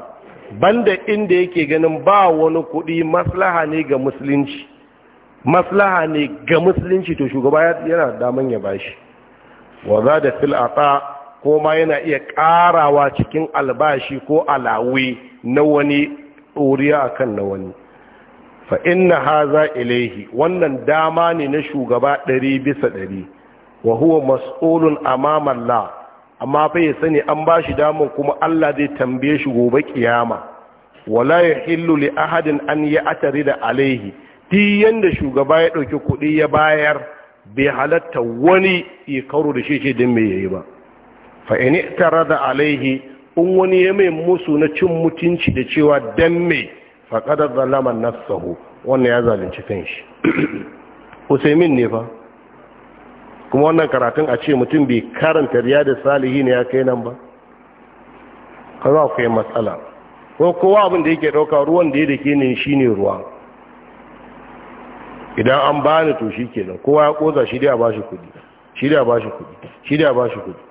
banda inda yake ganin ba wani kuɗi maslaha ne ga musulunci maslaha ne ga musulunci to shugaba yana daman ya bashi wa za da fil koma ko ma yana iya karawa cikin albashi ko alawi na wani ɗoriya akan na wani fa inna haza ilaihi wannan dama ne na shugaba ɗari bisa ɗari wa huwa mas'ulun amama amma fa ya sani an shi daman kuma Allah zai tambaye shi gobe kiyama wala yahillu li ahadin an ya'tari da alaihi duk yanda shugaba ya ɗauki kuɗi ya bayar bai halatta wani ya karo da shi ce din mai yayi ba fa in tara da alaihi in wani ya mai musu na cin mutunci da cewa dan me fa qad zalama nafsuhu wannan ya zalunci kanshi usaimin ne fa kuma wannan karatun a ce mutum bai karanta riyadu salihi ne ya kai nan ba kaza akwai matsala ko kowa abin da yake ɗauka ruwan da ya dake ne shine ruwa idan an bani to shi kenan kowa ya koza shi da ba shi kudi shi da ba shi kudi shi da ba shi kudi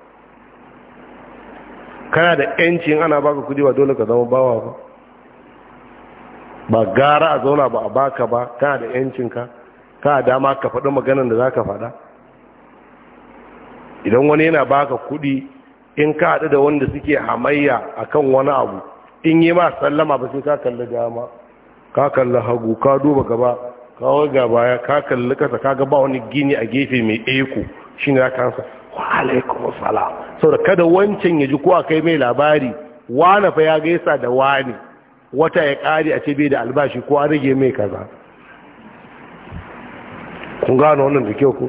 kana da yancin ana baka kudi ba dole ka zama bawa ba ba gara a zauna ba a baka ba kana da yancin ka ka dama ka faɗi maganar da za ka faɗa idan wani yana baka kudi in ka haɗu da wanda suke hamayya akan wani abu in yi ma sallama ba sai ka kalli dama ka kalli hagu ka duba gaba kawai ga baya ka kalli kasa kaga ba wani gini a gefe mai eko shi ne aka hansa wa alaikum sau saboda kada wancan ya ji ko kai mai labari wani fa ya gaisa da wani wata ya kari a ce da albashi ko a rage mai kaza kun gano wannan da kyau ko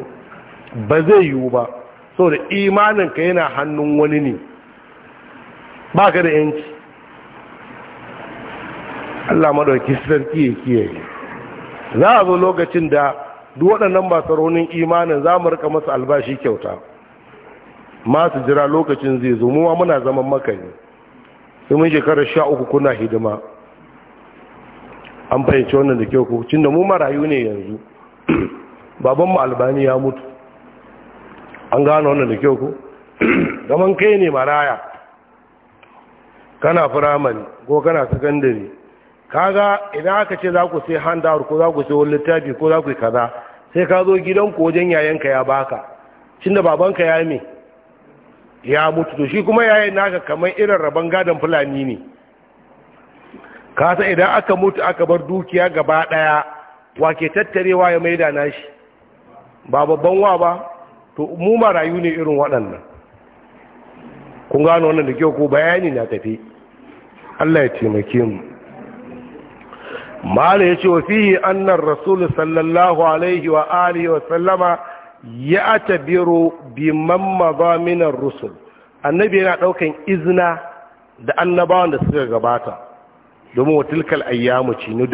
ba zai yiwu ba saboda imanin ka yana hannun wani ne ba ka da yanci Allah madauki sarki ya kiyaye za a zo lokacin da duk waɗannan masu raunin imanin za mu rika masa albashi kyauta masu jira lokacin zai zo muwa muna zaman makani sai mun shekarar sha uku kuna hidima an fahimci wannan da kyau ko cin da mu marayu ne yanzu babanmu albani ya mutu an gano wannan da kyau ko gaman kai ne maraya kana firamare ko kana sakandare kaga idan aka ce za ku sai handawar ko za ku sai wani littafi ko za ku yi kaza sai ka zo gidan ku wajen yayanka ya baka cin da babanka ya me ya mutu to shi kuma yayin naka kamar irin rabon gadon fulani ne ka san idan aka mutu aka bar dukiya gaba daya wake tattarewa ya maida nashi ba babban wa ba to mu rayu ne irin waɗannan kun gano wannan da kyau ko bayani na tafi Allah ya taimake mu mala yace wa fihi anna rasul sallallahu alaihi wa alihi wa sallama ya atabiru bi mamma min rusul annabi yana daukan izina da annabawan da suka gabata domin wa tilkal ayyamu ci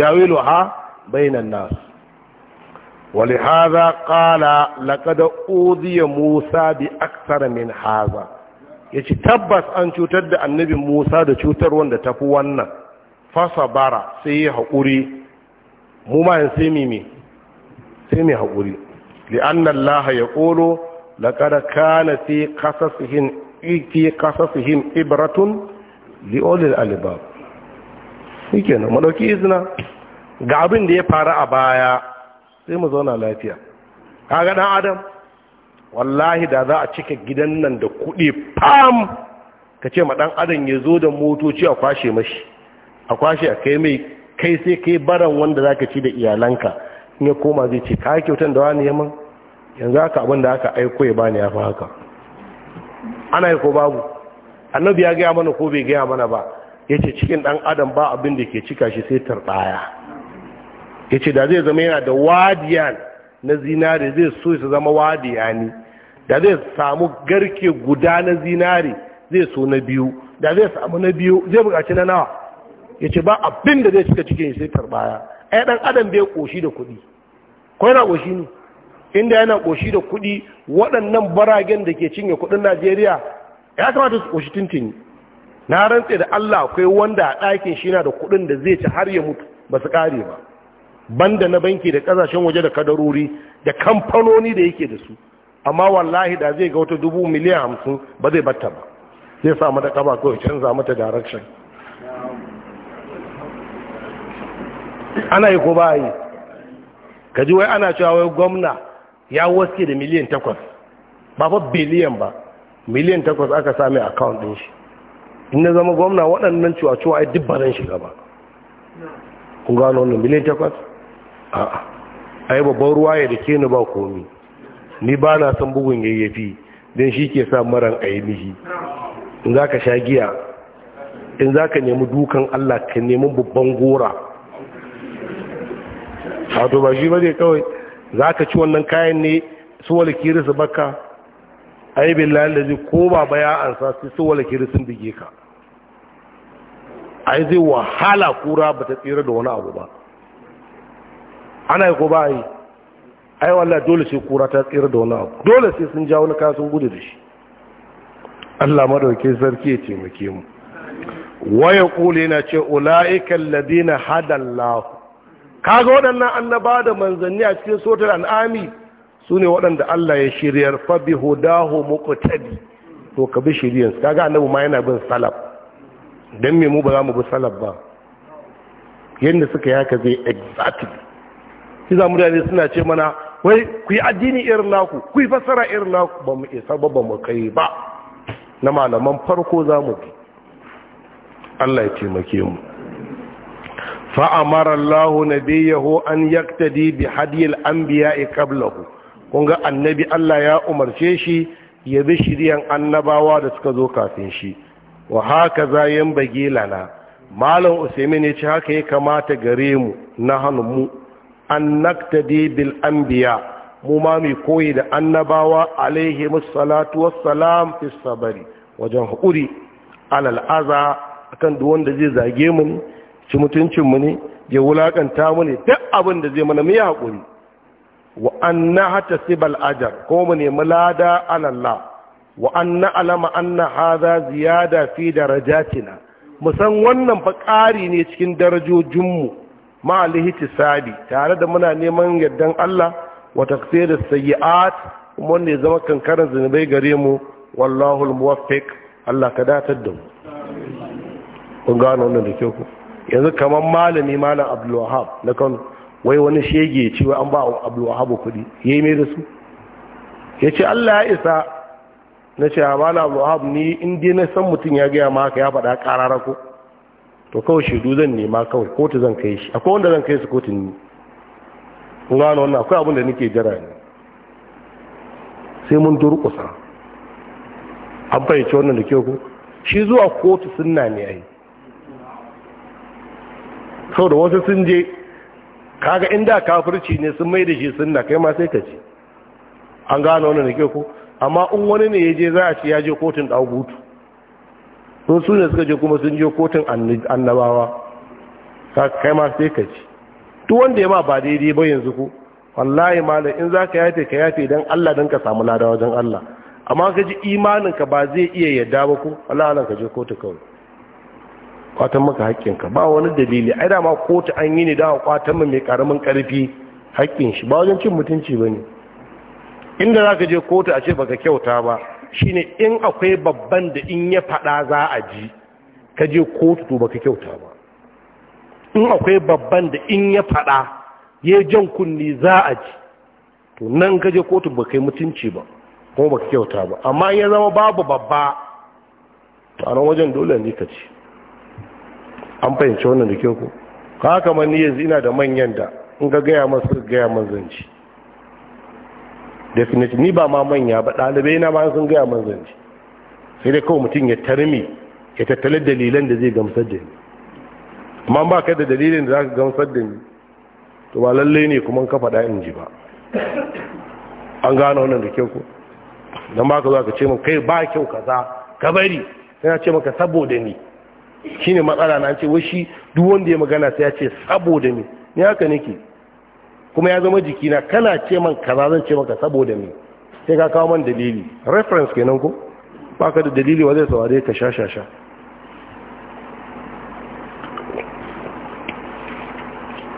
ha bainan nas ولهذا قال Musa bi موسى min haza. Ya yace tabbas an cutar da annabi Musa da cutar wanda tafi wannan fasa bara sai yi haƙuri mu ma yin sai mimi sai mai haƙuri li'annan laha ya da ƙada kana fi kasasihin ibratun li'olin alibab shi kenan maɗauki izina ga abin da ya fara a baya sai mu zauna lafiya kaga ɗan adam wallahi da za a cika gidan nan da kuɗi fam ka ce ma ɗan adam ya zo da motoci a kwashe mashi a kwashe a kai mai kai sai kai baran wanda zaka ci da iyalanka in ya koma zai ce ka kyautan da wani yaman yanzu haka abin da aka aiko ya bani ya fi haka ana yi ko babu annabi ya gaya mana ko bai gaya mana ba ya ce cikin ɗan adam ba abin da ke cika shi sai tarbaya, ya ce da zai zama yana da wadiyan na zinare zai so su zama wadiya da zai samu garke guda na zinare zai so na biyu da zai samu na biyu zai buƙaci na nawa ya ce ba abin da zai cika cikin sai tarbaya ai dan adam bai koshi da kuɗi ko yana koshi ne inda yana koshi da kuɗi waɗannan baragen da ke cinye kuɗin najeriya ya kamata su koshi tintini na rantse da allah akwai wanda a ɗakin shi na da kuɗin da zai ci har ya mutu ba su ƙare ba banda na banki da ƙasashen waje da kadarori da kamfanoni da yake da su amma wallahi da zai ga wata dubu miliyan hamsin ba zai batta ba zai samu da kaba kawai canza mata direction ana yi ko ba yi ka ji wai ana cewa wai gwamna ya waske da miliyan takwas ba fa biliyan ba miliyan takwas aka sami akawun ɗin shi in na zama gwamna waɗannan cuwa-cuwa ai dubbaran shiga ba kun gano wannan miliyan takwas a ai babban ruwa ya da ke ni ba komi ni ba na san bugun yayyafi don shi ke sa maran ainihi in za ka sha giya in za ka nemi dukan allah ka nemi babban gora wato ba shi ba ne kawai za ka ci wannan kayan ne su wala kiri su baka aibin billahi zai ko ba baya an sa su wala kiri sun bige ka ai zai wahala kura ba ta tsira da wani abu ba ana yi ko ba yi ai wallah dole sai kura ta tsira da wani abu dole sai sun ja wani kasan gudu da shi Allah madauke sarki ya taimake mu waya kula yana ce ula'ikan ladina hadallahu kaga waɗannan annaba da manzanni a cikin sotar al'ami su ne waɗanda Allah ya shiryar fabi hudahu muqtadi to ka bi su kaga annabi ma yana bin salaf dan me mu ba za mu bi salaf ba yadda suka yaka zai exactly da mutane suna ce mana wai ku yi addini irin naku ku yi fassara irin naku ba mu isa ba ba mu kai ba na malaman farko za mu bi Allah ya taimake mu fa'amara Allahu nabiyahu an yaktadi bi hadiyil anbiya'i kunga annabi Allah ya umarce shi ya bi shiryan annabawa da suka zo kafin shi wa haka za yan bage malam usaimin ya ce haka ya kamata gare mu na hannunmu an naktadi bil anbiya mu ma mai koyi da annabawa alaihi musallatu wassalam fi sabari wajen haƙuri alal'aza akan duk wanda zai zage mu ne ci mutuncin mu ne ya wulakanta mu ne duk abin da zai mana mu yi haƙuri wa anna hatta sibal ajar ko mu ne nemi lada alallah wa anna alama anna hadha ziyada fi darajatina mu san wannan fa ƙari ne cikin darajojin darajojinmu ma alihtisabi tare da muna neman yardan Allah wa taqsir as-sayyi'at kuma ne zama kankaran zunubai gare mu wallahu al-muwaffiq Allah ka datar da mu kun gano wannan da kyau ku yanzu kamar malami malam abdulwahab na kano wai wani shege ce wa an ba abdulwahab kuɗi ya yi mai da su ya ce allah ya isa na ce ah, malam abdulwahab ni in dai na san mutum ya gaya ma haka ya faɗa ƙarara ko to kawai shaidu zan nema kawai kotu zan kai shi akwai wanda zan kai su kotun ni kun gano wannan akwai abin da nake jira ne sai mun durƙusa an fahimci wannan da ke ku. shi zuwa kotu sunna ne ai sau da wasu sun je kaga inda kafirci ne sun mai da shi sunna kai ma sai ka ce an gano wannan ke ko amma in wani ne ya je za a ce ya je kotun dagutu sun su ne suka je kuma sun je kotun annabawa kai ma sai ka ce tu wanda ya ma ba daidai ba yanzu ku. wallahi malam in za ka yafe ka yafe don Allah don ka samu lada wajen Allah amma ka ji imaninka ba zai iya yadda ba ko Allah ka je kotu kawai kwatan maka haƙƙinka ba wani dalili ai dama kotu an yi ne da kwatan mai karamin karfi haƙƙin shi ba wajen cin mutunci ba ne inda za ka je kotu a ce baka kyauta ba shine in akwai babban da in ya faɗa za a ji ka je kotu to baka kyauta ba in akwai babban da in ya faɗa ya jan kunni za a ji to nan ka je kotu ba kai mutunci ba kuma baka kyauta ba amma ya zama babu babba to a wajen dole ne ka ce an fahimci wannan da ke ku ka haka yanzu ina da manyan da in ga gaya masu gaya manzanci definitely ni ba ma manya ba ɗalibai na ma sun gaya man sai dai kawai mutum ya tarmi ya tattali dalilan da zai gamsar da ni amma ba ka da dalilin da za ka gamsar da ni to ba lallai ne kuma ka faɗa in ji ba an gano wannan da kyau ku don ba ka zo ka ce min kai ba kyau kaza ka bari sai na ce maka saboda ni Shi ne matsala na ce washi duk wanda ya magana sai ya ce saboda mi ni haka nake kuma ya zama jikina kana ce man kaza zan ce maka saboda mi sai ka kawo man dalili reference kenan ko baka da dalili wa zai saurare ka sha sha sha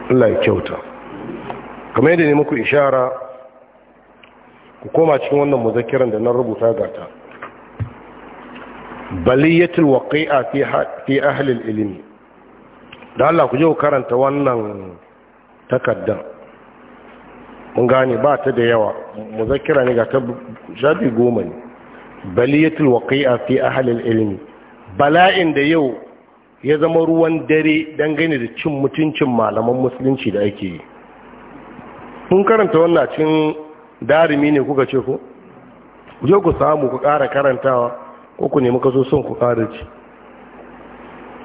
Allah ya kyauta kamar yadda ne muku ishara ku koma cikin wannan muzakiran da na rubuta gata baliyatul waqi'a fi ahli ilimi da Allah ku je ku karanta wannan takaddan mun gane ba ta da yawa muzakkira ne ga ta shafi goma ne baliyatul waqi'a fi ahli ilimi bala'in da yau ya zama ruwan dare dangane da cin mutuncin malaman musulunci da ake yi kun karanta wannan cin darimi ne kuka ce ku je ku samu ku ƙara karantawa ko ku nemi kaso son ku ci,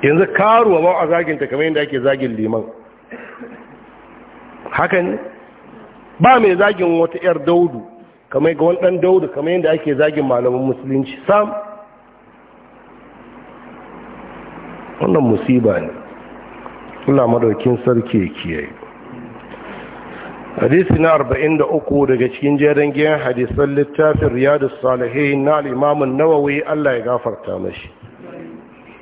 yanzu karuwa ba a zaginta kamar yadda ake zagin liman haka ne ba mai zagin wata 'yar daudu kamar ga wani ɗan daudu kamar yadda ake zagin malaman musulunci sam wannan musiba ne Kula madaukin sarki ya kiyaye hadisi na arba'in da uku daga cikin jerin giyan hadisan littafin riyadu Salihai na al'imamun nawawi Allah ya gafarta mashi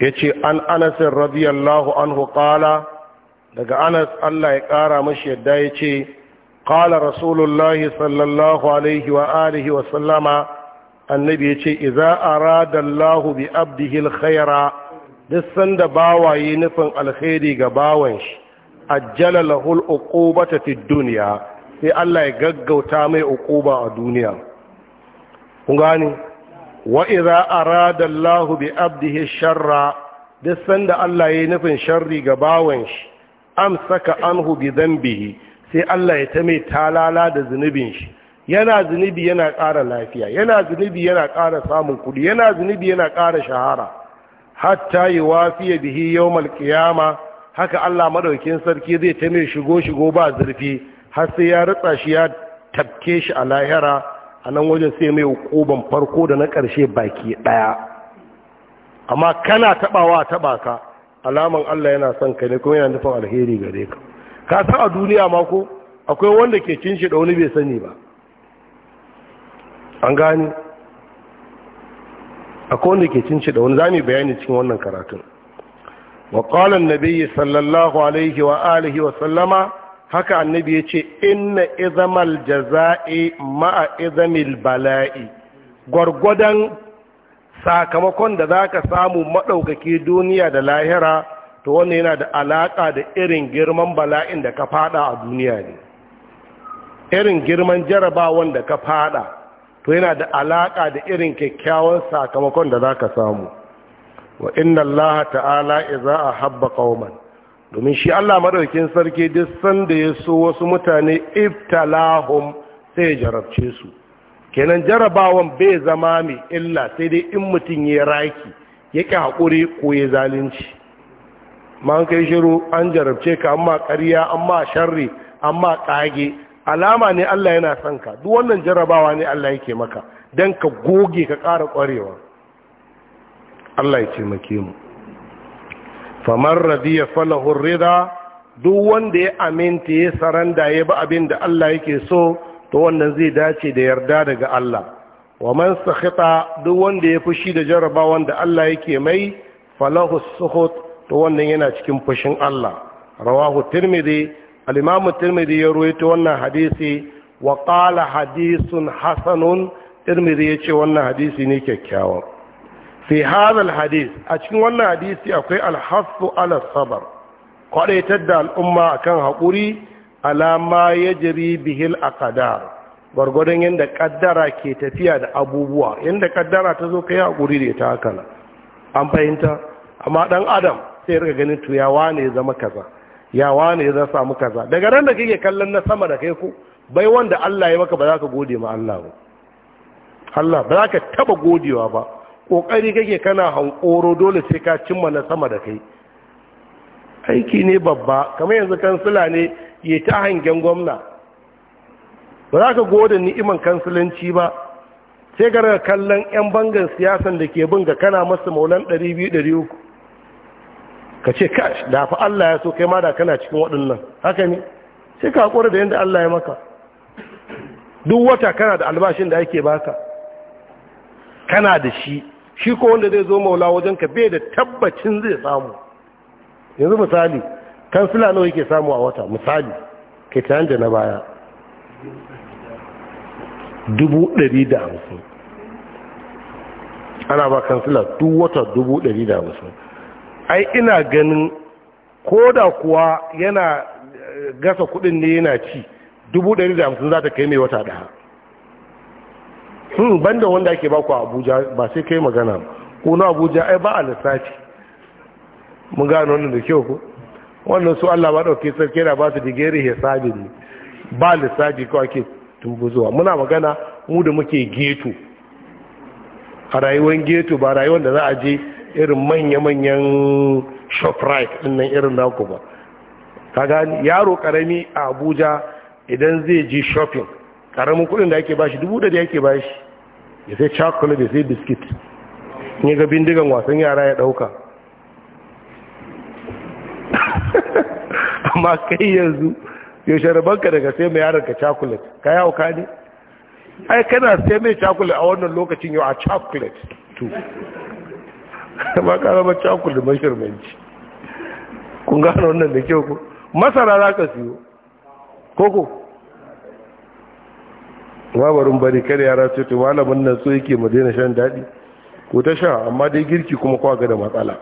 ya ce an anasin radiyallahu anhu kala daga anas Allah ya kara mashi yadda ya ce kala rasulullahi sallallahu alaihi wa alihi wa sallama annabi ya ce iza aradallahu bi abdihil khaira duk sanda bawaye nufin alkhairi ga bawan shi ajjala lahul uqubata fi dunya sai Allah ya gaggauta mai uquba a duniya kun gani wa idza arada Allah bi abdihi sharra duk sanda Allah yayi nufin sharri ga bawan shi amsaka anhu bi dhanbihi sai Allah ya ta mai talala da zunubin shi yana zunubi yana ƙara lafiya yana zunubi yana ƙara samun kudi yana zunubi yana ƙara shahara hatta yi bihi yawmal qiyamah haka Allah madaukin sarki zai ta mai shigo shigo ba zurfi har sai ya ratsa shi ya tafke shi a lahira a nan wajen sai mai hukuban farko da na ƙarshe baki ɗaya amma kana taɓawa taɓa ka alaman Allah yana son ka ne kuma yana nufin alheri gare ka ka san a duniya ma ko akwai wanda ke cin shi da wani bai sani ba an gani akwai wanda ke cin shi da wani za mu bayani cikin wannan karatun وقال النبي صلى الله عليه وآله وسلم haka annabi ya ce inna izamal jaza'i ma'a izamil bala'i gwargwadon sakamakon da za ka samu maɗaukaki duniya da lahira to wannan yana da alaƙa da irin girman bala'in da ka fada a duniya ne irin girman jarabawan da ka fada to yana da alaƙa da irin kyakkyawan sakamakon da za ka samu wa inna Allah ta'ala idza ahabba qauman domin shi Allah madaukakin sarki duk sanda ya so wasu mutane iftalahum sai jarabce su kenan jarabawan bai zama mai illa sai dai in mutum ya raki ya ƙi haƙuri ko ya zalunci man kai shiru an jarabce ka amma ƙarya amma sharri amma ƙage alama ne Allah yana son ka duk wannan jarabawa ne Allah yake maka dan ka goge ka ƙara ƙwarewa Allah ya taimake mu famar radiya falahur rida duk wanda ya aminta ya saranda ya ba abin da Allah yake so to wannan zai dace da yarda daga Allah wa man sakhita duk wanda ya fushi da jarabawan da Allah yake mai falahu sukhut to wannan yana cikin fushin Allah rawahu tirmidhi al-imam tirmidhi ya ruwaito wannan hadisi wa qala hadithun hasanun tirmidhi ce wannan hadisi ne kyakkyawa fi hadal hadis a cikin wannan hadisi akwai alhassu ala sabar kwadaitar da al'umma a kan haƙuri alama ya jiri bihil a kadar gwargwadon yadda kaddara ke tafiya da abubuwa yadda kaddara ta zo kai haƙuri da ta haka an fahimta amma ɗan adam sai rika ganin to yawa ne zama kaza yawa ne ya samu kaza daga ran da kake kallon na sama da kai ko bai wanda Allah ya maka ba za ka gode ma Allah ba Allah ba za ka taba godewa ba ƙoƙari kake kana hankoro dole sai ka cimma na sama da kai aiki ne babba kamar yanzu kansila ne ya ta hangen gwamna ba za ka goda ni'iman kansilanci ba sai ka daga kallon 'yan bangan siyasan da ke bin ga kana masu maulan 200-300 ka ce kash da fa Allah ya so kai ma da kana cikin waɗannan haka ne sai ka haƙura da yadda Allah ya maka duk wata kana da albashin da ake baka kana da shi shi ko wanda zai zo maula wajen ka bai da tabbacin zai samu yanzu misali kansila nawa yake samu a wata misali ke tayan da na baya dubu dari da hamsin ana ba kansila duk wata dubu dari da hamsin ai ina ganin ko da kuwa yana eh, gasa kudin ne yana ci dubu dari da hamsin za ta kai mai wata ɗaya hmm banda wanda ake baku a abuja ba sai kai magana ko na abuja ai ba a lissafi mun gano wannan da kyau ko wannan su allah ba ɗauke sarki na ba su digeri hisabi ne ba lissafi ko ake tumbuzuwa muna magana mu da muke geto a rayuwar geto ba rayuwar da za a je irin manya-manyan shoprite nan irin naku ba ka gani yaro karami a abuja idan zai je shopping karamin kudin da ake bashi dubu da ake bashi ya sai chocolate ya sai biskit in ya ga bindigan wasan yara ya dauka amma kai yanzu yaushe rabanka daga sai mai yaron ka chocolate ka yawo ka ne ai kana sai mai chocolate a wannan lokacin yau a chocolate tu ba ka raba chocolate mashirmanci kun gano wannan da kyau ko masara za ka siyo koko babarin bari kada yara ce to malamin nan so yake mu daina shan daɗi ko ta sha amma dai girki kuma kwa ga da matsala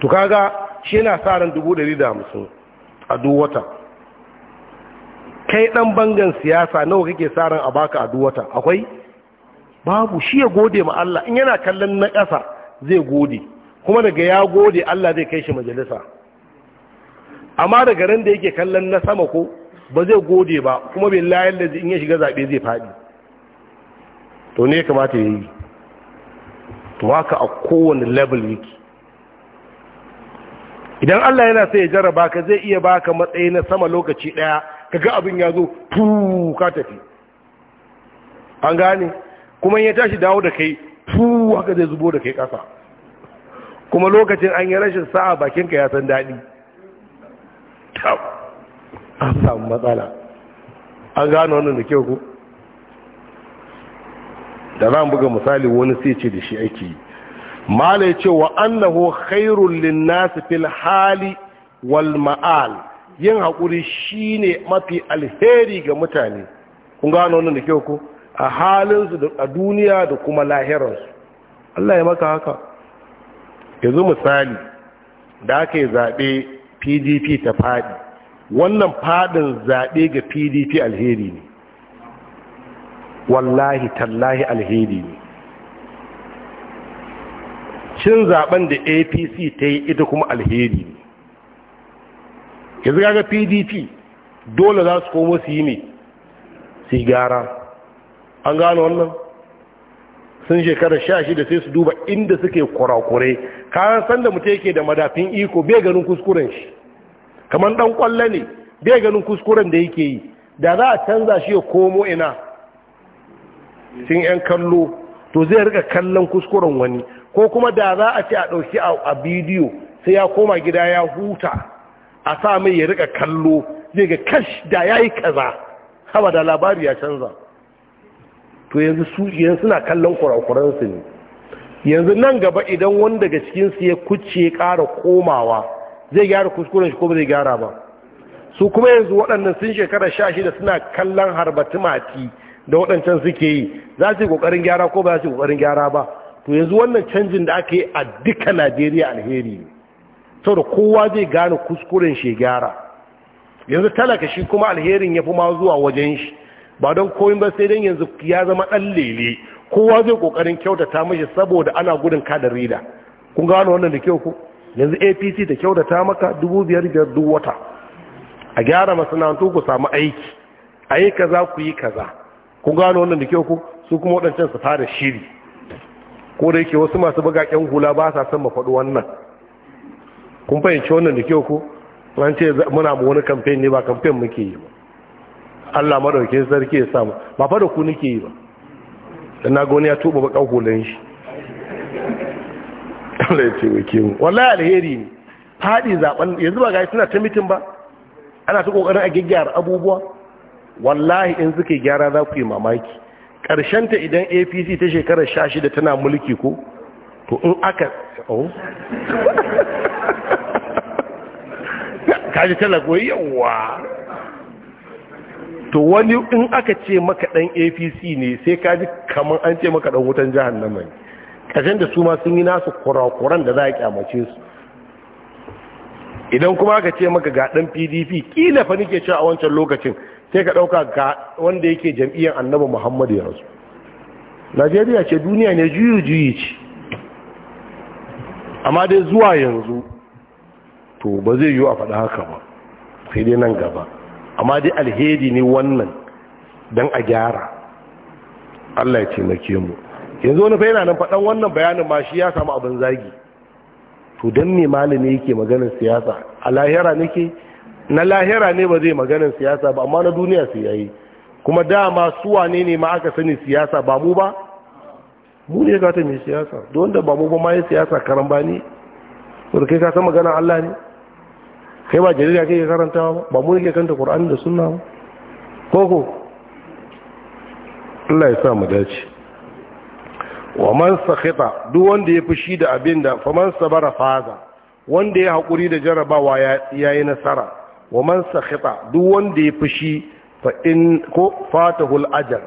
to kaga shi yana sa ran hamsin a duk wata kai ɗan bangan siyasa nawa kake sa ran a baka a duk wata akwai babu shi ya gode ma Allah in yana kallon na ƙasa zai gode kuma daga ya gode Allah zai kai shi majalisa amma daga ran da yake kallon na sama ko ba zai gode ba kuma bai layar da in ya shiga zaɓe zai faɗi to ne kamata ya yi to haka a kowane level yake idan Allah yana sai ya jarraba ka zai iya baka matsayi na sama lokaci ɗaya ka ga abin ya zo tuu ka tafi an gane kuma ya tashi dawo da kai tuu haka zai zubo da kai ƙasa kuma lokacin an yi rashin sa'a bakinka ya san daɗi an samu matsala an gano wannan da kyau ku da za buga misali wani sai ce da shi ake yi mala ce wa annahu khairul linnasi fil hali wal ma'al yin hakuri shine mafi alheri ga mutane kun gano wannan da kyau ku a halinsu da duniya da kuma su Allah ya maka haka yanzu misali da aka yi zaɓe pdp ta faɗi wannan fadin zaɓe ga pdp alheri ne wallahi tallahi alheri ne cin zaɓen da apc ta yi ita kuma alheri ne ya zaga ga pdp dole za su komo su yi ne sigara. an gano wannan sun shekara sha shida sai su duba inda suke kurakure kayan sanda mutu yake da madafin iko bai ganin kuskuren shi kamar dan kwallo ne bai ganin kuskuren da yake yi da za a canza shi ya komo ina sun yan kallo to zai rika kallon kuskuren wani ko kuma da za a ce a ɗauki a bidiyo sai ya koma gida ya huta a sa mai ya rika kallo zai ga kash da ya yi kaza haba da labari ya canza to yanzu su suna kallon kurakuransu ne yanzu nan gaba idan wanda daga cikinsu ya kuce ya ƙara komawa zai gyara kuskuren shi ko ba zai gyara ba su kuma yanzu waɗannan sun shekara sha shida suna kallon harbati mati da waɗancan suke yi za su yi ƙoƙarin gyara ko ba za su yi ƙoƙarin gyara ba to yanzu wannan canjin da aka yi a duka najeriya alheri ne saboda kowa zai gane kuskuren shi gyara yanzu talaka shi kuma alherin ya fi ma zuwa wajen shi ba don koyin ba sai dan yanzu ya zama ɗan lele kowa zai ƙoƙarin kyautata mashi saboda ana gudun kada rida kun gano wannan da kyau ko. yanzu apc ta kyautata maka dubu biyar biyar duk wata a gyara masana'antu ku samu aiki a yi kaza ku yi kaza ku gano wannan da kyau ku su kuma waɗancan su fara shiri ko da yake wasu masu bagaƙen hula ba sa san mafaɗu wannan kun fahimci wannan da kyau ku an ce muna mu wani kamfen ne ba kamfen muke yi ba Allah madaukakin sarki ya samu ba fa da ku nake yi ba na ga ya tuba bakan hulan shi Allah ya wake mu wallahi alheri ne fadi zaben yanzu ba ga suna ta mitin ba ana ta kokarin a gyaggyara abubuwa wallahi in suka gyara za ku yi mamaki ƙarshen ta idan APC ta shekarar 16 tana mulki ko to in aka oh kaji talago yawa to wani in aka ce maka dan APC ne sai kaji kaman an ce maka dan wutan jahannama ne kashen da su ma sun yi nasu kurakuran da za a kyamace su idan kuma aka ce maka ga ɗan pdp ƙila fa nike cewa a wancan lokacin sai ka ɗauka ga wanda yake jam'iyyar annaba muhammadu ya rasu najeriya ce duniya ne juyi juyi ce amma dai zuwa yanzu to ba zai yiwu a faɗa haka ba sai dai nan gaba amma dai alheri ne wannan don a gyara allah ya taimake mu yanzu wani fa yana nan faɗan wannan bayanin ma shi ya samu abin zagi to don me malami yake maganin siyasa a lahira nake na lahira ne ba zai maganin siyasa ba amma na duniya sai yayi kuma dama su wane ne ma aka sani siyasa ba mu ba mu ne ta mai siyasa don da ba mu ba ma yi siyasa karan ba ne kai ka san maganar Allah ne kai ba jarida kai karantawa ba ba mu ne ke kanta ƙur'ani da Sunna ba ko Allah ya sa mu dace wa man sakhita duk wanda ya fushi da abin da man sabara faza wanda ya hakuri da jarabawa ya yi nasara wa man sakhita duk wanda ya fushi fa in ko fatahul ajr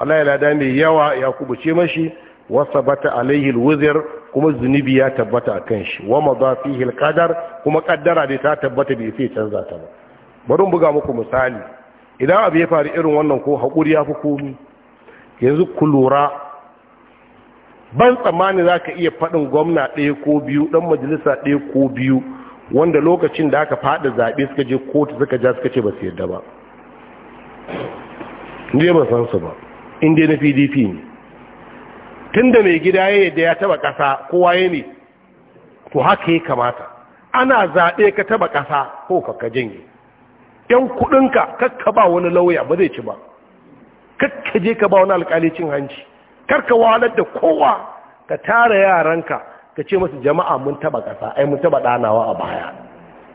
wallahi lada mai yawa ya kubuce mashi wa sabata alaihi alwuzr kuma zunubi ya tabbata kan shi wa madafihi alqadar kuma kaddara da ta tabbata bai sai canza ta ba bari buga muku misali idan abu ya faru irin wannan ko hakuri ya fi komi yanzu ku lura ban tsammani za ka iya faɗin gwamna ɗaya ko biyu ɗan majalisa ɗaya ko biyu wanda lokacin da aka faɗi zaɓe suka je kotu suka ja suka ce ba su yadda ba ne ba san su ba inda na pdp ne tun da mai gida ya yadda ya taba ƙasa kowa ya ne to haka ya kamata ana zaɓe ka taba ƙasa ko ka janye yan kuɗinka kakka ba wani lauya ba zai ci ba kakka je ka ba wani alƙali cin hanci karka walar da kowa ka tara yaranka ka ce masu jama'a mun taba ƙasa ai mun taba ɗanawa a baya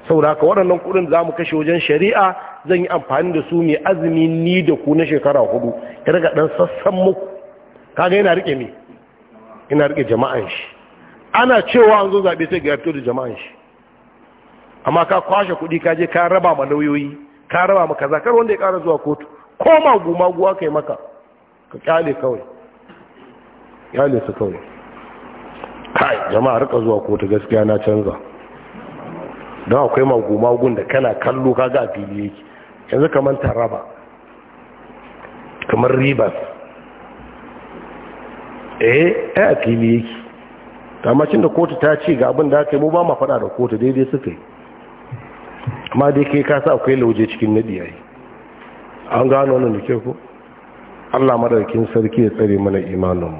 saboda ka waɗannan kuɗin za mu kashe wajen shari'a zan yi amfani da su mai azumi ni da ku na shekara hudu ya daga ɗan sassan muku kaga yana rike me yana rike jama'an shi ana cewa an zo zaɓe sai ga fito da jama'an shi amma ka kwashe kuɗi ka je ka raba ma lauyoyi ka raba ma kaza kar wanda ya ƙara zuwa kotu ko magu magu aka yi maka ka kyale kawai kyale su kawai kai jama'a rika zuwa kotu gaskiya na canza don akwai magumagun da kana kallo kaga a fili yake yanzu kamar taraba kamar ribas eh a fili yake tamacin da kotu ta ce ga abin da aka yi mu ba ma faɗa da kotu daidai suka yi amma dai kai kasa akwai lauje cikin nadi yayi an gano wannan da ke ku Allah madaukin sarki ya tsare mana imaninmu